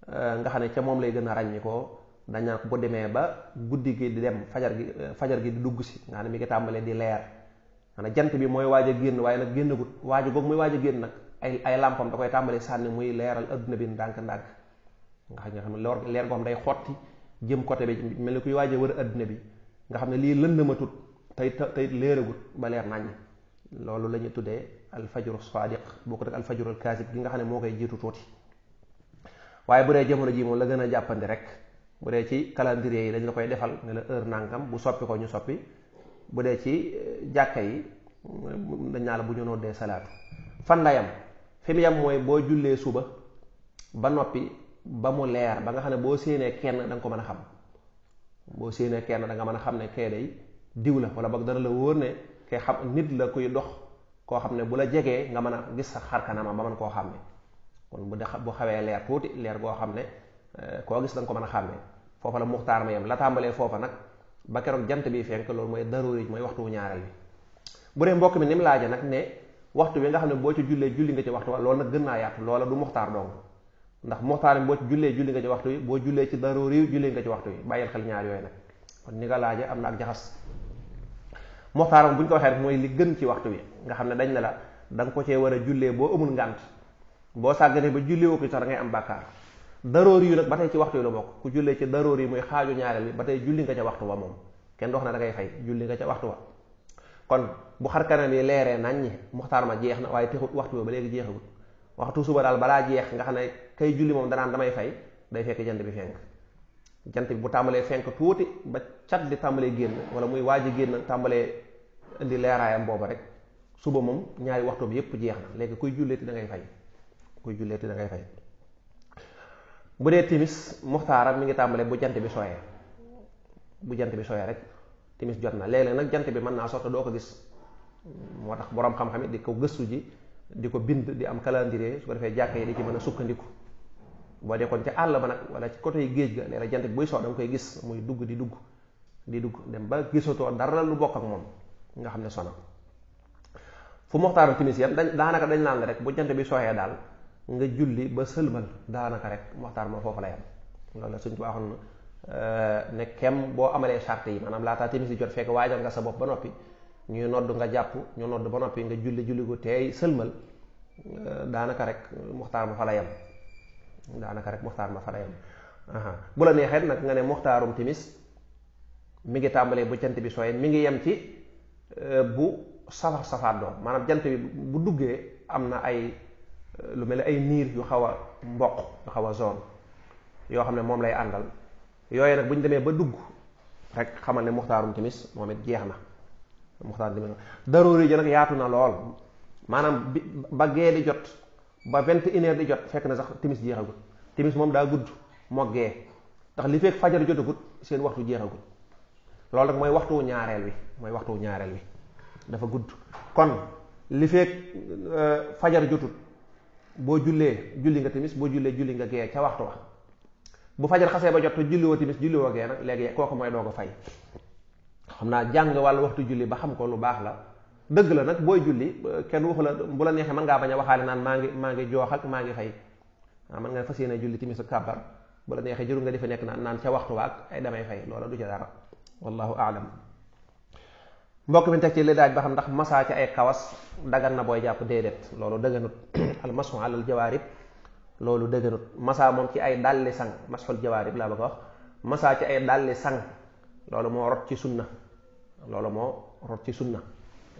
S1: euh, nga xam ne ca moom lay gën a ràññi ko dañ naan ko bu demee ba guddi gi di dem fajar gi euh, fajar gi di dugg si nga xam ne mi ngi tàmbalee di leer maanaam jant bi mooy waaj a génn waaye nag génnagut waaj googu muy waaj a génn nag ay ay làmpam da koy tàmbalee muy leeral adduna bi ndànk-ndànk nga xam ne leer goo day xotti jëm côté bi mel ni kuy waaj a wër bi nga xam ne lii lëndëmatut tey tey leeragut ba leer nañ loolu la ñu tuddee alfajru sadiq boo ko def alfajru alkaasib gi nga xam ne moo koy jiitu tuuti waaye bu dee jamono ji moom la gën a jàppandi rek bu dee ci calendrier yi dañ la koy defal ne la heure nangam bu soppi ko ñu soppi bu dee ci euh, jàkka yi euh, dañ naa la bu ñu noddee salaat fan la yam fi yam mooy boo jullee suba ba noppi ba mu leer ba nga xam ne boo séenee kenn danga ko mën a xam boo séenee kenn da nga mën a xam ne kee day diw la wala ba dana la wóor ne kay xam nit la kuy dox koo xam ne bu la jegee nga mën a gis sa xar kanamam ba mën koo xam ne kon bu dee bu xawee leer tuuti leer goo xam ne Euh, koo gis da nga ko man a xàmmee foofa la muxtaar ma yem la tàmbalee foofa nag ba keroog jant bi fenk loolu mooy daruri mooy waxtu ñaareel bi bu dee mbokk mi ni mu laaje nag ne waxtu bi nga xam ne boo ci jullee julli nga ci waxtu wa loolu nag gën naa yaatu loola du muxtaar dong ndax muxtaar bi boo ci jullee julli nga ci waxtu yi boo jullee ci daruri julli nga ci waxtu yi bàyyil xel ñaar yooyu nag kon ni nga laaje am na ak jaxas muxtaar moom bu ñu ko waxee rek mooy li gën ci waxtu bi nga xam ne dañ ne la da nga ko cee war a jullee boo amul ngànt boo sàgganee ba jullee woo ko sax da am bàkkaar daroor yu nag ba tey ci waxtu yi la bokk ku jullee ci daroor yi muy xaaju ñaareel bi ba tey julli nga ca waxtu wa moom kenn dox na da ngay fay julli nga ca waxtu wa kon bu xar kanam yi leeree naññi muxtaar ma jeex na waaye texut waxtu ba léegi jeexagut waxtu suba daal balaa jeex nga xam ne kay julli moom danaan damay fay day fekk jant bi fenk jant bi bu tàmbalee fenk tuuti ba cat li tàmbalee génn wala muy waaj a génn tàmbalee indi leeraayam booba rek suba moom ñaari waxtu bi yépp jeex na léegi kuy julleeti da ngay fay kuy julleeti da fay bu dee timis muxtaara mi ngi tàmbalee bu jant bi sooyee bu jant bi sooyee rek timis jot na léeg-léeg nag jant bi mën naa sotta doo ko gis moo tax boroom xam-xam di ko gëstu ji di ko bind di am calendrier su ko defee jàkk yi di ci mën a sukkandiku boo dee kon ca àll ba nag wala ci côté géej ga léeg-léeg jant bi buy soo da koy gis muy dugg di dugg di dugg dem ba gisatoo dara lu bokk ak moom nga xam ne sona fu muxtaaram timis yam dañ daanaka dañ naan rek bu jant bi sooyee daal nga julli ba sëlmal daanaka rek waxtaan ma foofu la yam loolu suñ waxoon eh, ne kem boo amalee charte yi maanaam laataa timis di jot fekk waajal nga sa bopp ba noppi ñuy nodd nga jàpp ñu nodd ba noppi nga julli julli ko teey sëlmal eh, daanaka rek muxtaar ma fa la yem daanaka rek muxtaar ma fa la yem bu la neexee nag nga ne muxtaarum timis mi ngi tàmbalee bu jant bi sooyee mi ngi yem ci eh, bu safar safaat doom maanaam jant bi bu duggee am na ay lu mel ne ay niir yu xaw a mboq yu xaw a zone yoo xam ne moom lay àndal yooyu nag bu ñu demee ba dugg rek xamal ne muxtaarum timis moom it jeex na muxtaarum timis daroori ji nag yaatu na lool maanaam bi ba gee di jot ba vingt et di jot fekk na sax timis jeexagut timis moom daa gudd moggee ndax li fekk fajar jotagut seen waxtu jeexagut loolu nag mooy waxtu ñaareel wi mooy waxtu ñaareel wi dafa gudd kon li fekk euh, fajar jotut boo jullee julli nga timis boo jullee julli nga gee ca waxtu wa bu fajar xasee ba jot te julli woo timis julli woo gee nag léegi kooku mooy doo ko fay xam naa jàng wàllu waxtu julli ba xam ko lu baax la dëgg la nag booy julli kenn waxu la bu la neexee mën ngaa bañ a waxaale naan maa ngi maa ngi joox ak maa ngi fay waaw ah, mën nga fas yéene julli timis ak kàbbar bu la neexee jëru nga defe nekk naan naan ca waxtu waak ay damay fay loola du ca dara wallahu aalam mbokk mi teg ci li daaj ba xam ndax masaa ci ay kawas dagan na booy jàpp déedéet loolu dëgganut <coughs> al masu alal jawaarib loolu dëgganut masaa moom ci ay dàlli sang masxul jawaarib laa bëgg a wax masaa ci ay dàlli loolu moo rot ci sunna loolu moo rot ci sunna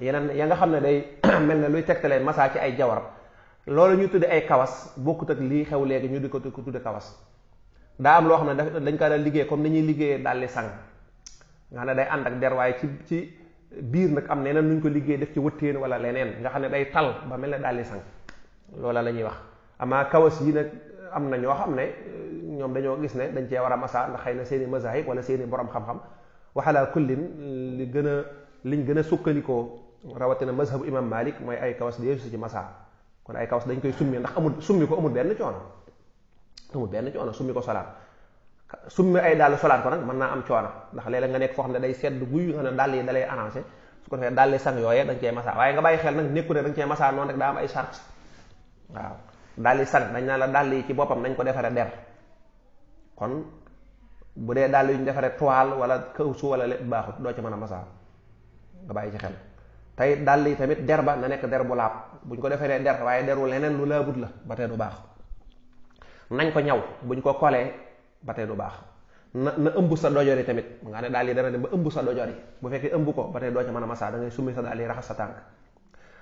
S1: yeneen ya nga xam ne day <coughs> mel ne luy tegtalee masaa ci ay jawarab loolu ñu tudde ay kawas bokkut ak lii xew léegi ñu di ko tudde kawas daa am loo xam ne dañ ko daan liggéey comme ni ñuy liggéeyee dàlli sang nga xam ne day ànd ak der waaye ci ci biir nag am neneen nuñ ko liggéey def ci wëttéen wala leneen nga xam ne day tal ba mel ne daal di sang loola la ñuy wax amaa kawas yi nag euh, am na ñoo xam ne euh, ñoom dañoo gis ne dañ cee war a masaa ndax xëy na seeni mazahib wala seeni borom xam-xam waxalaa kullin euh, li gën a liñ gën a sukkandikoo rawatina mazhabu imam malik mooy ay kawas di yeesu ci masaa kon ay kawas dañ koy summi ndax amul summi ko amul benn coono amul benn coono summi ko salaat summi ay dàll solaat ko nag mën naa am coono ndax léeg-léeg nga nekk foo xam ne day sedd guy nga ne dàll yi dalay arrangé su ko defee dàll sang yooyee dañ cee massa waaye nga bàyyi xel nag nekku ne dañ cee massa ay sart waaw dàll yi sang dañ naa la dàll yi ci boppam nañ ko defaree der kon bu dee dàll yu ñu defaree toile wala kawsu wala lépp baaxut doo ci mën a massa nga bàyyi ci xel tey dàll yi tamit der ba na nekk der bu laab buñ ko defaree der waaye deru leneen lu laabut la ba tey du baax nañ ko ñaw buñ ko kolee ba tey du baax na na ëmb sa dojor yi tamit nga ne daal yi dana dem ba ëmb sa dojor yi bu fekkee ëmb ko ba tey doo ca mën a masaa da ngay sa daal yi raxas sa tànk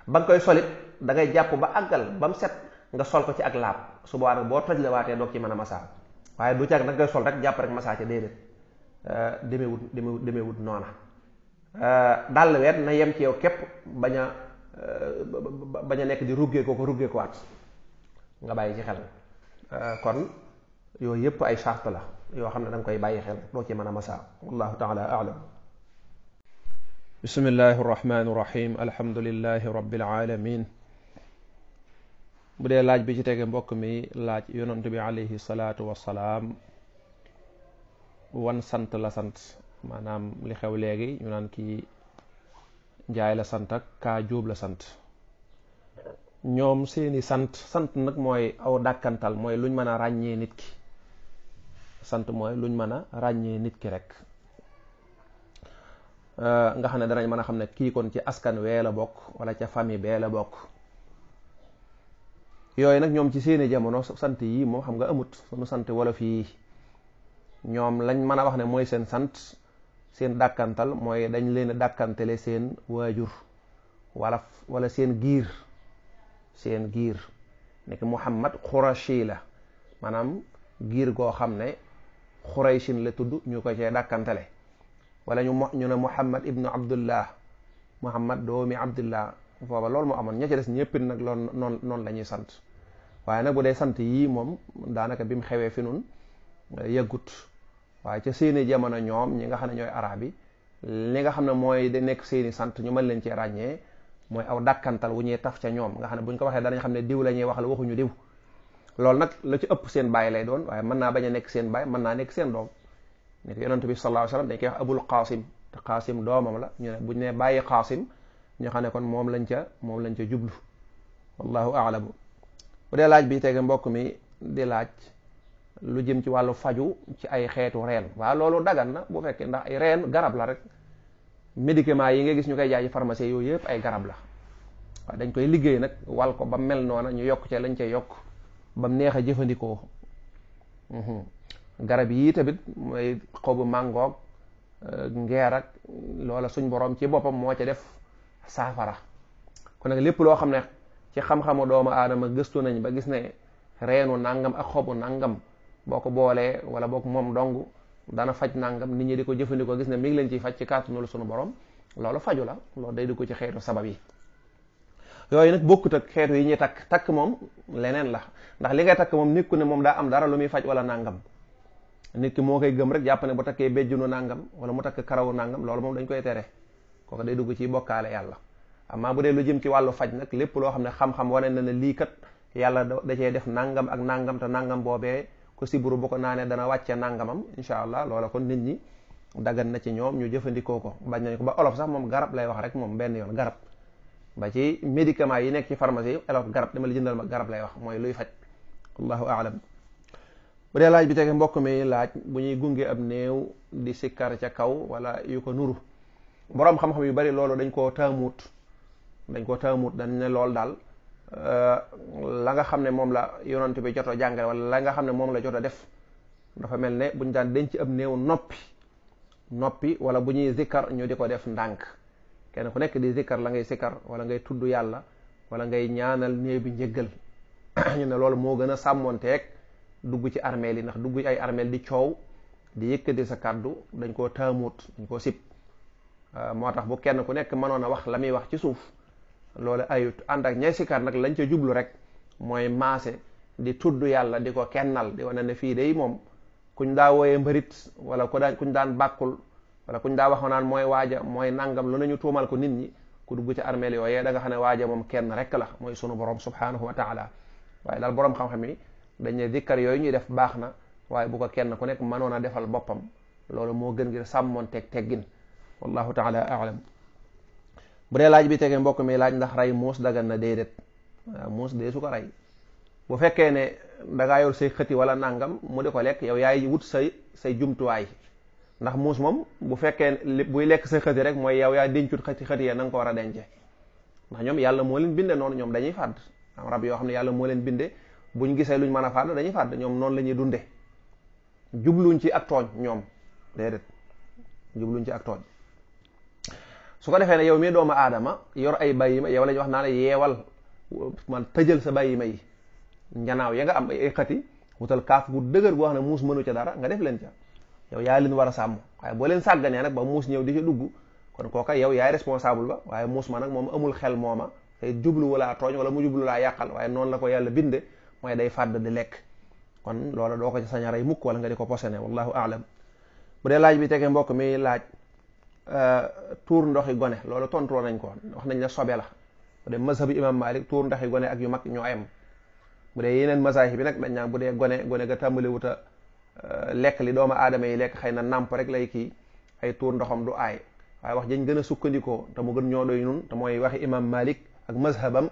S1: ba nga koy solit da ngay jàpp ba àggal ba mu set nga sol ko ci ak laab su boobaa nag boo toj la waatee doog ci mën a masaa waaye du caag da nga koy sol rek jàpp rek masaa ca déedéet euh, demeewut demeewut demeewut noona euh, dàll weet na yem ci yow képp bañ a euh, bañ a nekk di ruggee ko ko ruggee ko waat nga xel yooyu yépp ay charte la yoo xam ne danga koy bàyyi xel doo ci mën a masaa wallahu taala aalam bismillahi irrahmani irrahim alhamdulilahi rabbil alamin bu dee laaj bi ci tege mbokk mi laaj yonent bi alayhi salaatu wasalaam wan sant la sant maanaam li xew léegi ñu njaay la sant ak kaa jóob la sant ñoom seeni sant sant nag mooy aw dàkkantal mooy luñ mën a ràññee nit ki sant mooy luñ mën a ràññee nit ki rek euh, nga xam ne danañ mën a xam ne kii kon ci askan wee la bokk wala ca famille bee la bokk yooyu nag ñoom ci seeni jamono sant yi moom xam nga amut sunu sant wolof yi ñoom lañ mën a wax ne mooy seen sant seen dàkkantal mooy dañ leen dàkkantale seen waajur walaf walla seen giir seen giir nekk mat Xurashi la maanaam giir goo xam ne xurayshin la tudd ñu ko cee dàkkantale wala ñu ñu ne muhammad ibnu abdullah muhammad doomi abdullah fooba loolu mu amoon ña ci des ñëppit nag loolu noon noonu la sant waaye nag bu dee sant yii moom daanaka bi mu xewee fi nun yëggut waaye ca seeni jamono ñoom ñi nga xam ne ñooy arab yi li nga xam ne mooy da nekk seeni sant ñu man leen cee ràññee mooy aw dàkkantal wu ñuy taf ca ñoom nga xam ne buñ ko waxee danañ xam ne diw la ñuy wax la waxuñu diw loolu nag la ci ëpp seen baay lay doon waaye mën naa bañ a nekk seen baay mën naa nekk seen doom nekk yonent bi sallallahu alayhi wasallam abul qaasim te doomam la ñu ne buñ ne bàyyi qaasim ñu xam ne kon moom lañ ca moom lañ ca jublu wallahu aalamu bu dee laaj bi tege mbokk mi di laaj lu jëm ci wàllu faju ci ay xeetu reen waaw loolu dagan na bu fekkee ndax ay reen garab la rek médicament yi nga gis ñu koy jaay ci pharmacie yooyu yëpp ay garab la waaw dañ koy liggéey nag wal ko ba mel noona ñu yokk ca lañ ca yokk bam neex a jëfandikoo mhm. garab yii tamit mooy xobu màngoog euh, ngeer loola suñ borom ci boppam moo ci def saafara kon nag lépp loo xam ne ci xam-xamu doomu aadama gëstu nañ ba gis ne reenu nangam ak xobu nangam boo ko boolee wala boo ko moom dong dana faj nangam nit ñi di ko jëfandikoo gis ne mi ngi leen ciy faj ci kàttanul sunu borom loolu faju la loolu day ko ci xeetu sabab yi yooyu nag bokkut ak xeetu yi ñuy takk takk moom leneen la ndax li ngay takk moom nekku ne moom daa am dara lu muy faj wala nangam nit ki moo koy gëm rek jàpp ne bu takkee béjjunu nangam wala mu takk karawu nangam loolu moom dañ koy tere kooku day dugg ci bokkaale yàlla amaa bu dee lu jëm ci wàllu faj nag lépp loo xam ne xam-xam wane na ne lii kat yàlla da cee def nangam ak nangam te nangam boobee ko siburu bu ko naanee dana wàcce nangamam incha allah loola kon nit ñi dagan na ci ñoom ñu jëfandikoo ko bañ nañ ko ba olof sax moom garab lay wax rek moom benn yoon garab ba ci médicament yi nekk ci pharmacie alors garab dama la jëndal ma garab lay wax mooy luy faj allahu bi tege mbokk mi laaj bu ñuy gunge ab néew di sikkar ca kaw wala yu ko nuru boroom xam-xam yu bari loolu dañ koo taamuut dañ koo taamuut dañ ne lool daal euh, la nga xam ne moom la yonent bi jot a jàngale wala la nga xam ne moom la jot a def dafa mel ne buñ ñu daan denc ab néew noppi noppi wala bu ñuy zikkar ñu di ko def ndànk kenn ku nekk di zikkar la ngay sikkar wala ngay tudd yàlla wala ngay ñaanal néew bi njëggal <clears throat> ñu ne loolu moo gën a sàmmoon teeg dugg ci armeel yi ndax dugg ay armeel di coow di yëkkati sa kàddu dañ koo taamuut dañ koo sib euh, moo tax bu kenn ku nekk mënoon a wax la muy wax ci suuf loolu ayut ànd ak ñay sikkar nag lañ sa jublu rek mooy maase di tudd yàlla di ko kennal di wane ne fii dey moom kuñ daa wooyee mbërit wala ku daan kuñ daan bàkkul wala kuñ daa waxoon naan mooy waaja mooy nangam lu ñu tuumal ko nit ñi ku dugg ci armeel yooyee da nga xam ne waaja moom kenn rek la mooy sunu borom subhanahu wa taala waaye daal borom xam-xam yi dañ ne dikkar yooyu ñuy def baax na waaye bu ko kenn ku nekk mënoon a defal boppam loolu moo gën ngir sàmmoon teg teggin wallahu taala alam bu dee laaj bi tege mbokk mi laaj ndax rey muus dagan na déedéet muus dee su ko rey bu fekkee ne dangaa yor say xëti wala nangam mu di ko lekk yow yaay wut say say jumtuwaay ndax muus moom bu fekkee buy lekk sa xëti rek mooy yow yaa dencut xëti xëti ya na nga ko war a dence ndax ñoom yàlla moo leen binde noonu ñoom dañuy fàdd rab yoo xam ne yàlla moo leen binde buñ gisee luñ mën a fàdd dañuy fàdd ñoom noonu la ñuy dunde jubluñ ci ak tooñ ñoom déedéet jubluñ ci ak tooñ su ko defee ne yow mii doomu aadama yor ay bàyyima yow la ñu wax naa la yeewal man tëjal sa bàyyima yi njanaaw ya nga am ay xëti wutal kaaf gu dëgër goo xam ne muus mënu ca dara nga def leen ca yow yaa leen war a sàmm waaye boo leen sàgganee nag ba muus ñëw di ci dugg kon kooka yow yaay responsable ba waaye muus ma nag moom amul xel mooma te jublu wala tooñ wala mu jublu laa yàqal waaye noonu la ko yàlla binde mooy day fàdd di lekk kon loola doo ko ci sañ mukk wala nga di ko posene wallahu aalam bu dee laaj bi tege mbokk mi laaj euh, tuur ndoxi gone loolu tontuloo nañ ko wax nañ la sobe la bu dee mazhabu imam malik tuur ndoxi gone ak yu mag ñoo am bu dee yeneen mazahib bi nag dañ naan bu dee gone gone ga tàmbali wuta Euh, lekk li doomu aadama yi lekk xëy na nàmp rek lay kii ay tuur ndoxam du aay waaye wax jañ gën a sukkandikoo te mu gën ñoo doy nun te mooy waxi imam malik ak mazhabam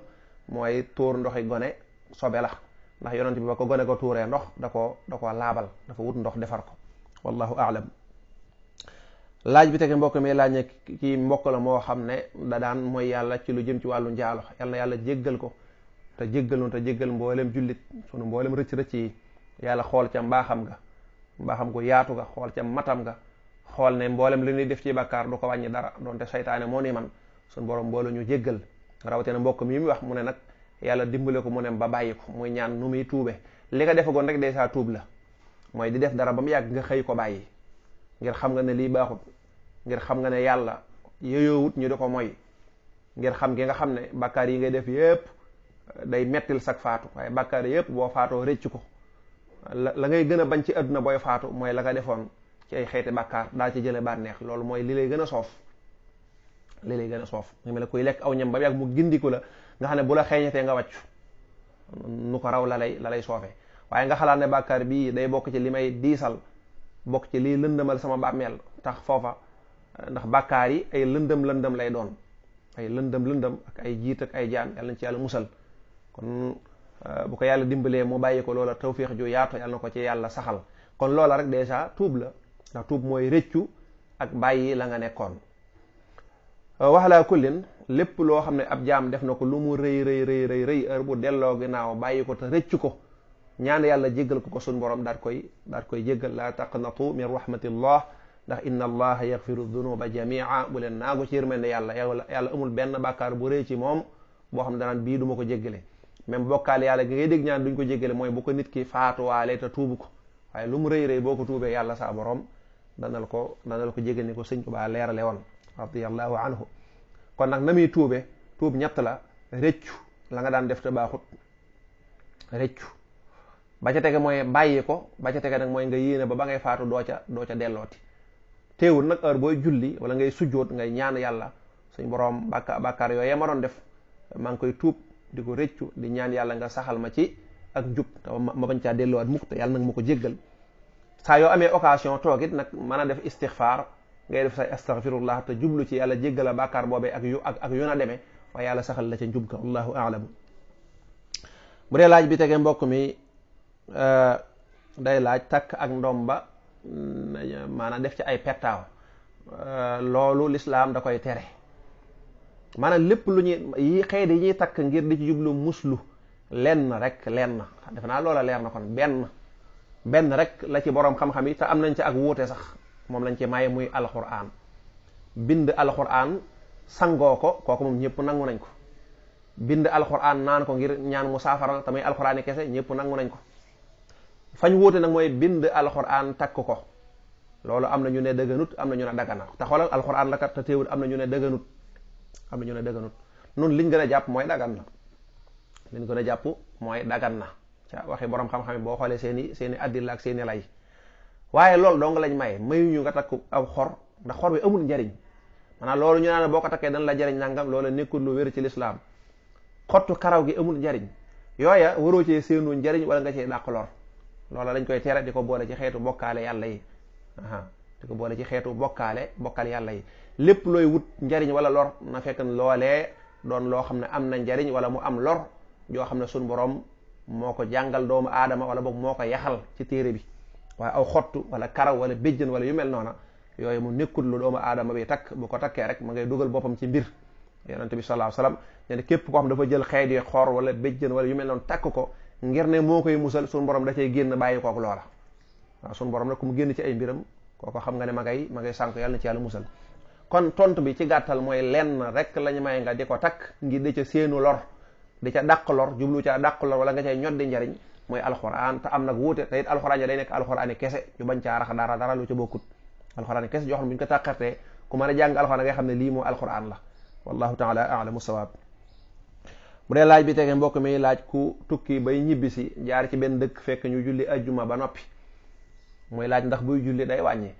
S1: mooy tuur ndoxi gone sobe la ndax yonent bi ba ko gone ko tuuree ndox da ko da ko laabal dafa wut ndox defar ko wallahu aalam laaj bi tege mbokk mi laaj ne kii mbokk la moo xam ne da daan mooy yàlla ci lu jëm ci wàllu njaalo yal yàlla jéggal ko te jéggal nu te jéggal mboolem jullit sunu mboolem rëcc rëcc yi yàlla xool ca mbaaxam nga xam ko yaatu ga xool ca matam ga xool ne mboolem li ñuy def ci bàkkaar du ko wàññi dara donte saytaane moo ni man suñ borom mboolu ñu jéggal rawatina mbokk mi muy wax mu ne nag yàlla dimbale ko mu ne ba bàyyi ko muy ñaan nu muy tuube li nga defagoon rek dèjà tuub la mooy di def dara ba mu yàgg nga xëy ko bàyyi ngir xam nga ne lii baaxut ngir xam nga ne yàlla yeyowut ñu di ko moy ngir xam gi nga xam ne bakkaar yi ngay def yépp day mettil sag faatu waaye bàkkaar yépp boo faatoo rëcc ko la ngay gën a bañ ci àdduna booy faatu mooy la nga defoon ci ay xeeti bàkkaar daa ci jële bànneex loolu mooy li lay gën a soof li lay gën a soof nga mel ne kuy lekk aw ñam ba yàgg mu gindiku la nga xam ne bu la xeeñatee nga wàccu nu ko raw la lay soofe waaye nga xalaat ne bàkkaar bii day bokk ci li may diisal bokk ci liy lëndëmal sama bàmmeel tax foofa ndax bàkkaar yi ay lëndëm lëndëm lay doon ay lëndëm lëndëm ak ay jiit ak ay jaan yàlla ci yàlla musal Euh, bu ko yàlla dimbalee mu bàyyi ko loola tawféex ju yaato yàlla ko ci yàlla saxal kon loola rek dèjà tuub la ndax tuub mooy rëccu ak bàyyi la nga nekkoon euh, waxalaa kullin lépp loo xam ne ab jaam def na ko lu mu rëy rëy rëy rëy rëy heure bu delloo ginnaaw bàyyi ko te rëccu ko ñaan yàlla jéggal ko ko suñ borom daat koy daat koy jéggal laa taqnatu min rahmatillah ndax inna allaha yaxfiru dunuba jamia bu leen naagu ci yërmande yàlla yàlla amul benn bàkkaar bu rëy ci moom boo xam bii du ma ko jéggale même bokkaal yàlla gi ngay dégg ñaan duñ ko jéggale mooy bu ko nit ki faatuwaale te tuubu ko waaye lu mu rëy rëy boo ko tuubee yàlla saa boroom danal ko danal ko jégal ni ko sëñ Tuubaa leerale woon radiyallahu anhu kon nag na muy tuube tuub ñett la rëccu la nga daan def te baaxut rëccu ba tege mooy bàyyi ko ba ca tege nag mooy nga yéene ba ba ngay faatu doo ca doo ca dellooti teewul nag heure booy julli wala ngay sujjóot ngay ñaan yàlla suñ borom bàkkaar yooyee ma doon def maa koy tuub di ko rëccu di ñaan yàlla nga saxal ma ci ak njub te ma bañ caa delluwaat mukk te yàlla nag ma ko jéggal saa yoo amee occasion toogit nag mën a def istixfaar ngay def say astaghfirullah te jublu ci yàlla jéggal a bàkkaar ak yu ak ak yu na demee waaye yàlla saxal la ca njub ka allahu alamu bu dee laaj bi tege mbokk mi euh, day laaj takk ak ndomba mm, maanaam def ci ay pettaaw euh, loolu lislaam da koy tere maanaam lépp lu ñuy yi xeet yi ñuy takk ngir di ci jublu muslu lenn rek lenn defe naa loola leer na kon benn benn rek la ci boroom xam-xam yi te am nañ ci ak wuute sax moom lañ ci maye muy alxuraan bind alxuraan sangoo ko kooku moom ñëpp nangu nañ ko bind alxuraan naan ko ngir ñaan mu saafaral tamay kese ñëpp nangu nañ ko fañ wuute nag mooy bind alxuraan takk ko loolu am na ñu ne dëgganut am na ñu ne dagana te xoolal alxuraan la kat te teewul am na ñu ne dëgganut xam na ñu ne dëgganut noonu liñ gën a jàpp mooy dagan na liñ gën a jàpp mooy dagan na ca waxi borom xam-xam yi boo xoolee seen i seen i ak seen lay waaye loolu dong lañ may mayuñu nga takk aw xor ndax xor bi amul njariñ maanaam loolu ñu naan boo ko takkee dañ la jariñ nangam loolu nekkul lu wér ci lislaam xottu karaw gi amul njariñ yooya waroo cee seenu njariñ wala nga cee dàq lor loola lañ koy tere di ko boole ci xeetu bokkaale yàlla yi di ko boole ci xeetu bokkaale bokkal yàlla yi lépp looy wut njariñ wala lor na fekk loole doon loo xam ne am na njariñ wala mu am lor yoo xam ne suñ borom moo ko jàngal doomu aadama wala boog moo ko yaxal ci téere bi waaye aw xottu wala karaw wala béjjën wala yu mel noona yooyu mu nekkul lu doomu aadama bi takk bu ko takkee rek ngay dugal boppam ci mbir yonente bi sallallahu alayhi wasallam képp koo dafa jël xeet wala béjjën wala yu mel noonu takk ko ngir ne moo koy musal suñu borom da cay génn bàyyi kook loola waaw suñu borom nag mu génn ci ay mbiram kooko xam nga ne ma ngay ma ngay sànk yàlla na ci yàlla musal kon tontu bi ci gàttal mooy lenn rek lañu may nga di ko takk ngir di ca séenu lor di ca dàq lor jublu ca dàq lor wala nga cay ñoddi njariñ mooy alxuraan te am nag wuute te it alxuraan ja nekk alxuraani kese ñu bañ caa rax dara dara lu ca bokkut alxuraani kese joo xam ko tàqartee ku ma a jàng alxuraan ngay xam ne lii moo alxuraan la wallahu taala alamu sawaab bu dee laaj bi tege mbokk mi laaj ku tukki bay ñibbisi jaar ci benn dëkk fekk ñu julli ajjuma ba noppi muy laaj ndax buy julli day wàññi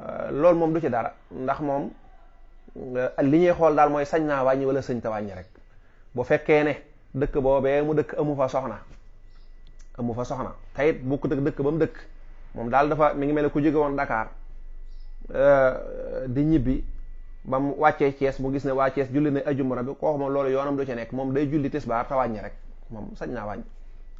S1: euh, loolu moom du ci dara ndax moom euh, li ñuy xool daal mooy sañ naa wàññi wala sëñ ta wàññi rek bu fekkee ne dëkk boobee mu dëkk amu fa soxna amu fa soxna tayit bu ko dëkk ba mu dëkk moom daal dafa mi ngi mel ne ku jóge woon Dakar euh, di ñibbi ba mu wàccee Thiès mu gis ne waa Thiès julli na ajumara bi kooku moom loolu yoonam du ci nekk moom day julli tisbaar te wàññi rek moom sañ naa wàññi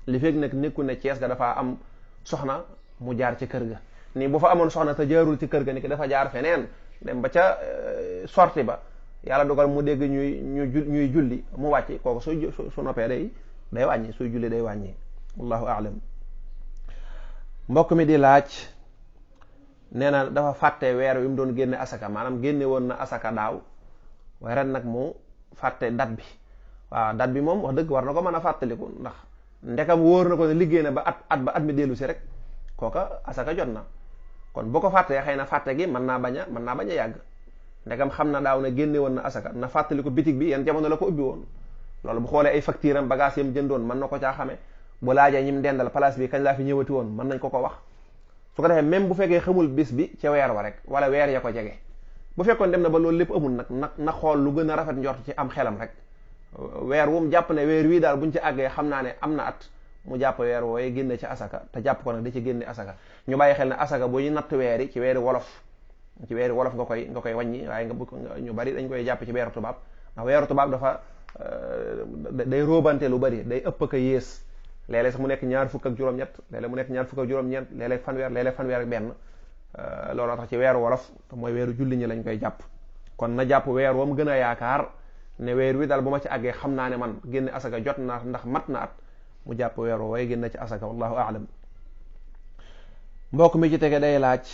S1: li fekk nag nekku ne Thiès ga dafa am soxna mu jaar ci kër ga nii bu fa amoon soxna te jaarul ci kër ga ni ki dafa jaar feneen dem ba ca euh, sorti ba yàlla dogal mu dégg ñuy ñu ñuy julli mu wàcc kooku su su noppee day day wàññi suy julli day wàññi wallahu aalam mbokk mi di laaj nee na dafa fàtte weer wi mu doon génne asaka maanaam génne woon na asaka daaw waaye ren nag mu fàtte dat bi waaw dat bi moom wax dëgg war na ko mën a fàttaliku ndax ndekam wóor na ko ne liggéey na ba at at ba at mi dellu si rek kooka asaka jot na kon boo ko fàttee xëy na fàtte gi mën naa bañ a mën naa bañ a yàgg ndegam xam na daaw na génne woon na asaka na fàttali ko bitig bi yan jamono la ko ubbi woon loolu bu xoolee ay facture am bagage yam jëndoon mën na ko caa xamee bu laajee ñim dendal place bi kañ laa fi ñëwati woon mën nañ ko ko wax su ko defee même bu fekkee xamul bis bi ca weer wa rek wala weer ya ko jege bu fekkoon dem na ba loolu lépp amul nag na na xool lu gën a rafet njort ci am xelam rek weer wum jàpp ne weer wii daal buñ ci àggee xam naa ne am na at mu jàpp weer wooye génne ci asaka te jàpp ko nag di ci génne asaka ñu bàyyi xel ne asaka boo ñu natt weer ci weeri wolof ci weeri wolof nga koy nga koy waññi waaye nga ñu bari dañ koy jàpp ci weeru tubaab ndax weeru tubaab dafa euh, day róobante lu bari day ëpp ak yées léeg-léeg mu nekk ñaar fukk ak juróom mu nekk ñaar fukk ak juróom-ñeent fanweer léeg-léeg fanweer benn euh, looloo tax ci weeru wolof te mooy weeru julli ñi lañ koy jàpp kon na jàpp weer wa mu gën a yaakaar ne weer wi daal bu ma ci àggee xam naa ne man génne asaka jot na ndax mat na at mu jàpp weeru waaye génn ci asaka wallahu aalam mbokk mi ci tege day laaj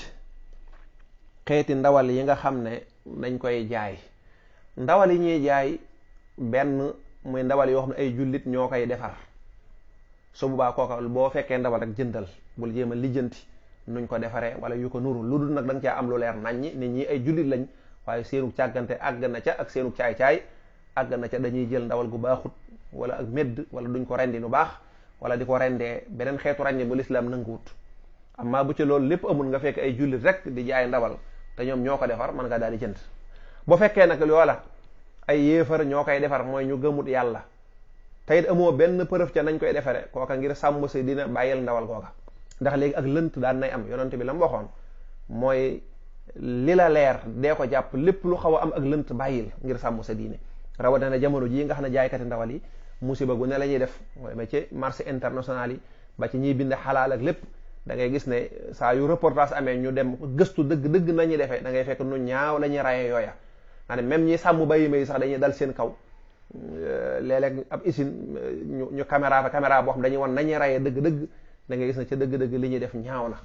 S1: xeeti ndawal yi nga xam ne dañ koy jaay ndawal yi ñuy jaay benn muy ndawal yoo xam ne ay jullit ñoo koy defar su boobaa kooka boo fekkee ndawal rek jëndal bul jéem a lijjanti nuñ ko defaree wala yu ko nuru lu dul nag da nga caa am lu leer naññi nit ñi ay jullit lañ waaye seenu càggante àgg ca ak seenu caay-caay àgg na ca dañuy jël ndawal gu baaxut wala ak medd wala duñ ko rendi nu baax wala di ko rendee beneen xeetu rendi bu lislaam nanguwut amma bu ci loolu lépp amul nga fekk ay jullit rek di jaay ndawal te ñoom ñoo ko defar mën nga daal di jënd bu fekkee nag loola ay yéefar ñoo koy defar mooy ñu gëmut yàlla te it amoo benn preuve ca nañ koy defaree kooka ngir sàmm si dina bàyyil ndawal kooka ndax léegi ak lënt daan nay am yonent bi la mu waxoon mooy li la leer dee ko jàpp lépp lu xaw a am ak lënt bàyyil ngir sàmm sa diine na jamono jii nga xam ne jaaykati ndawal yi musiba gu ne la ñuy def mooy ma ci marché international yi ba ci ñiy bind xalaal ak lépp da ngay gis ne saa yu reportage amee ñu dem gëstu dëgg dëgg nañuy defee da ngay fekk nu ñaaw la ñuy raye yooya nga ne même sàmm bàyyi may sax dañuy dal seen kaw euh, léeg-léeg ab usine ñu ñu caméra fa caméra dañuy wan nañuy raye dëgg-dëgg dangay ngay gis ne ca dëgg-dëgg li ñuy def ñaaw na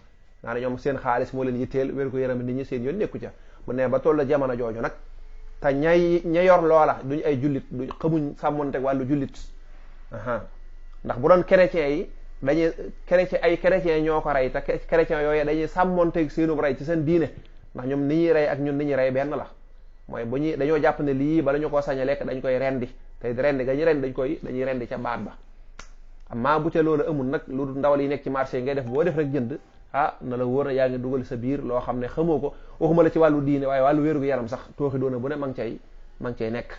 S1: nga ne ñoom seen xaalis moo leen yitteel wér ko yaram nit ñi seen yoon nekku ca bu ne ba toll la jamono jooju nag te ñay ña yor loola duñ ay jullit duñ xamuñ sàmmonte wàllu jullit ndax bu doon chrétien yi dañuy chrétien ay chrétien ñoo ko rey te chrétien yooyu dañuy sàmmonteeg seenub rey ci seen diine ndax ñoom ni ñuy rey ak ñun ni ñuy rey benn la mooy bu ñuy dañoo jàpp ne lii bala ñu ko sañ lekk dañ koy rendi te rendi ga ñu rendi dañ koy dañuy rendi ca baat ba amaa bu ca loolu amul nag lu ndawal yi nekk ci marché ngay def boo def rek jënd ah na la wóor a yaa ngi dugal sa biir loo xam ne xamoo ko waxuma la ci wàllu diine waaye wàllu wér gu yaram sax tooxi doona bu ne ma ngi cay ma ngi cay nekk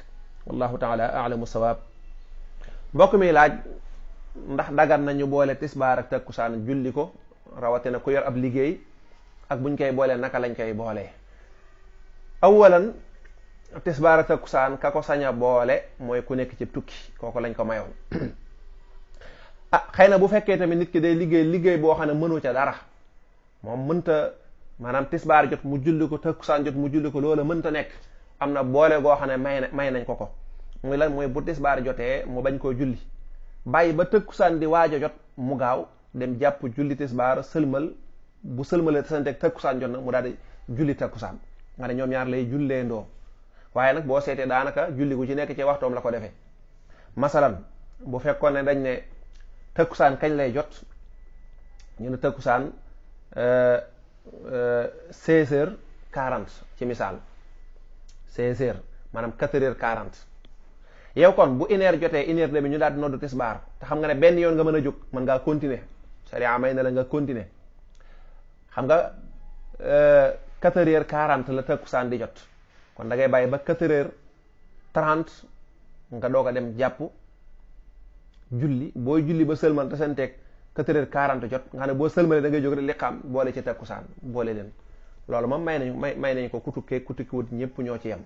S1: wallahu taala alamu sawaab mbokk mi laaj ndax dagan nañu boole tisbaar ak takkusaan julli ko rawatina ko yor ab liggéey ak buñ koy boolee naka lañ koy boolee awalan tisbaar ak takkusaan ka ko sañ boole mooy ku nekk ci tukki kooku lañ ko mayoon <coughs> ah xëy na bu fekkee tamit nit ki day liggéey liggéey boo xam ne mënu ca dara moom mënta maanaam tisbaar jot mu julli ko takkusaan jot mu julli ko loola mënta nekk am na boole goo xam ne may may nañ ko ko muy lan mooy bu tisbaar jotee mu bañ koo julli bàyyi ba takkusaan di waaj a jot mu gaaw dem jàpp julli tisbaar sëlmal bu sëlmalee tasanteeg takkusaan jot nag mu daal di julli takkusaan nga ne ñoom ñaar lay jullee ndoo waaye nag boo seetee daanaka julli ku ci nekk ci waxtoom la ko defee masalan bu fekkoon ne dañ ne takkusaan kañ lay jot ñu ne takkusaan seize heures quarante ci misaal seize heures maanaam quatre heures quarante yow kon bu une heure jotee une heure demi ñu daal di noddu tisbaar te xam nga ne benn yoon nga mën a jóg mën ngaa continuer sariya may na la nga continuer xam nga euh, quatre heures quarante la takkusaan di jot kon da ngay bàyyi ba quatre trent nga doog a dem jàpp julli booy julli ba sëlmal te seen teg quatre heures quarante jot nga xam ne boo sëlmalee da ngay jóg rek liqaam boole ci takkusaan boole leen loolu moom may nañu may may nañ ko ku tukkee ku ñëpp ñoo ci yem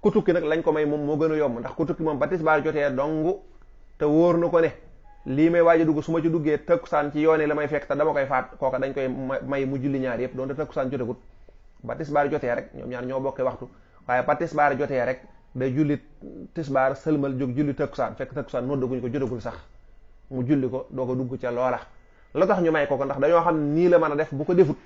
S1: ku tukki nag lañ ko may moom moo gën a yomb ndax ku moom ba tisbaar jotee dong te wóor na ko ne lii may waaj a dugg su ma ci duggee takkusaan ci yoone la may fekk te dama koy faat kooka dañ koy may mu julli ñaar yëpp doonte takkusaan jotegut ba tisbaar jotee rek ñoom ñaar ñoo bokkee waxtu waaye ba tisbaar jotee rek day julli tisbaar sëlmal jóg julli takkusaan fekk takkusaan noddaguñ ko jotagul sax mu julli ko doo ko dugg ca loola la tax ñu may ko ko ndax dañoo xam nii la mën a def bu ko defut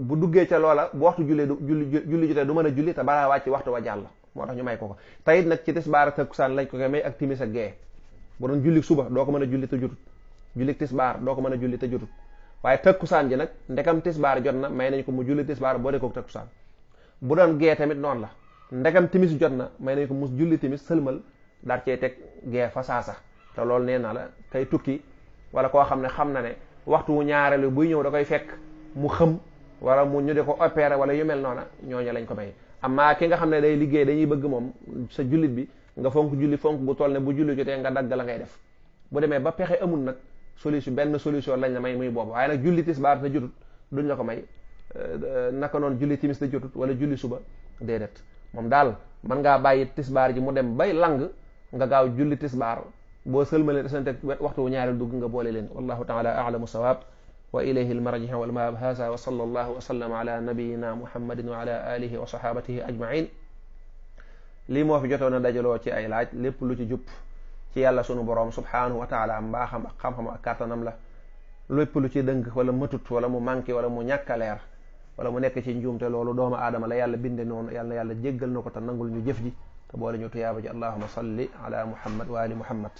S1: bu duggee ca loola bu waxtu jullee du julli julli jotee du mën a julli te balaa wàcc waxtu wa jàll moo tax ñu may ko ko tayit nag ci tisbaar ak takkusaan lañ ko koy may ak timis ak gee bu doon julli suba doo ko mën a julli te jotut julli tisbaar doo ko mën a julli te jotut waaye takkusaan ji nag ndekam tisbaar jot na may nañ ko mu julli tisbaar boo dee ko takkusaan bu doon gee tamit noonu la ndekam timis jot na may nañ ko mu julli timis sëlmal daal cee teg gee fa saasa te loolu nee na la kay tukki wala koo xam ne xam na ne waxtu wu ñaareelu buy ñëw da koy fekk mu xëm wala mu ñu di ko opéré wala yu mel noona ñooñu lañ ko may amaa ki nga xam ne day liggéey dañuy bëgg moom sa jullit bi nga fonk julli fonk gu toll ne bu julli jotee nga dagg la ngay def bu demee ba pexe amul nag solution benn solution lañ la may muy boobu waaye nag julli tisbaar te jotut duñ la ko may euh, naka noonu julli timis te jotut wala julli suba déedéet moom daal mën ngaa bàyyi tisbaar ji mu dem bay lang nga gaaw julli boo sëlmalee desante waxtu wu ñaareel dugg nga boole leen wallahu taala alamu sawaab wa ilayhi almarji wal maab haza wa sallallahu wa sallam ala nabiyina muhammadin wa ala alihi wa sahabatihi ajmain lii moo fi jotoon a dajaloo ci ay laaj lépp lu ci jub ci yàlla sunu boroom subhanahu wa taala mbaaxam ak xam-xam ak kàttanam la lépp lu ci dëng wala mëtut wala mu manqué wala mu ñàkk a leer wala mu nekk ci njuumte loolu doomu aadama la yàlla binde noonu yàlla na yàlla jéggal na ko te nangul ñu jëf ji te boole ñu tuyaaba ji allahuma salli ala muhammad wa ali muhammad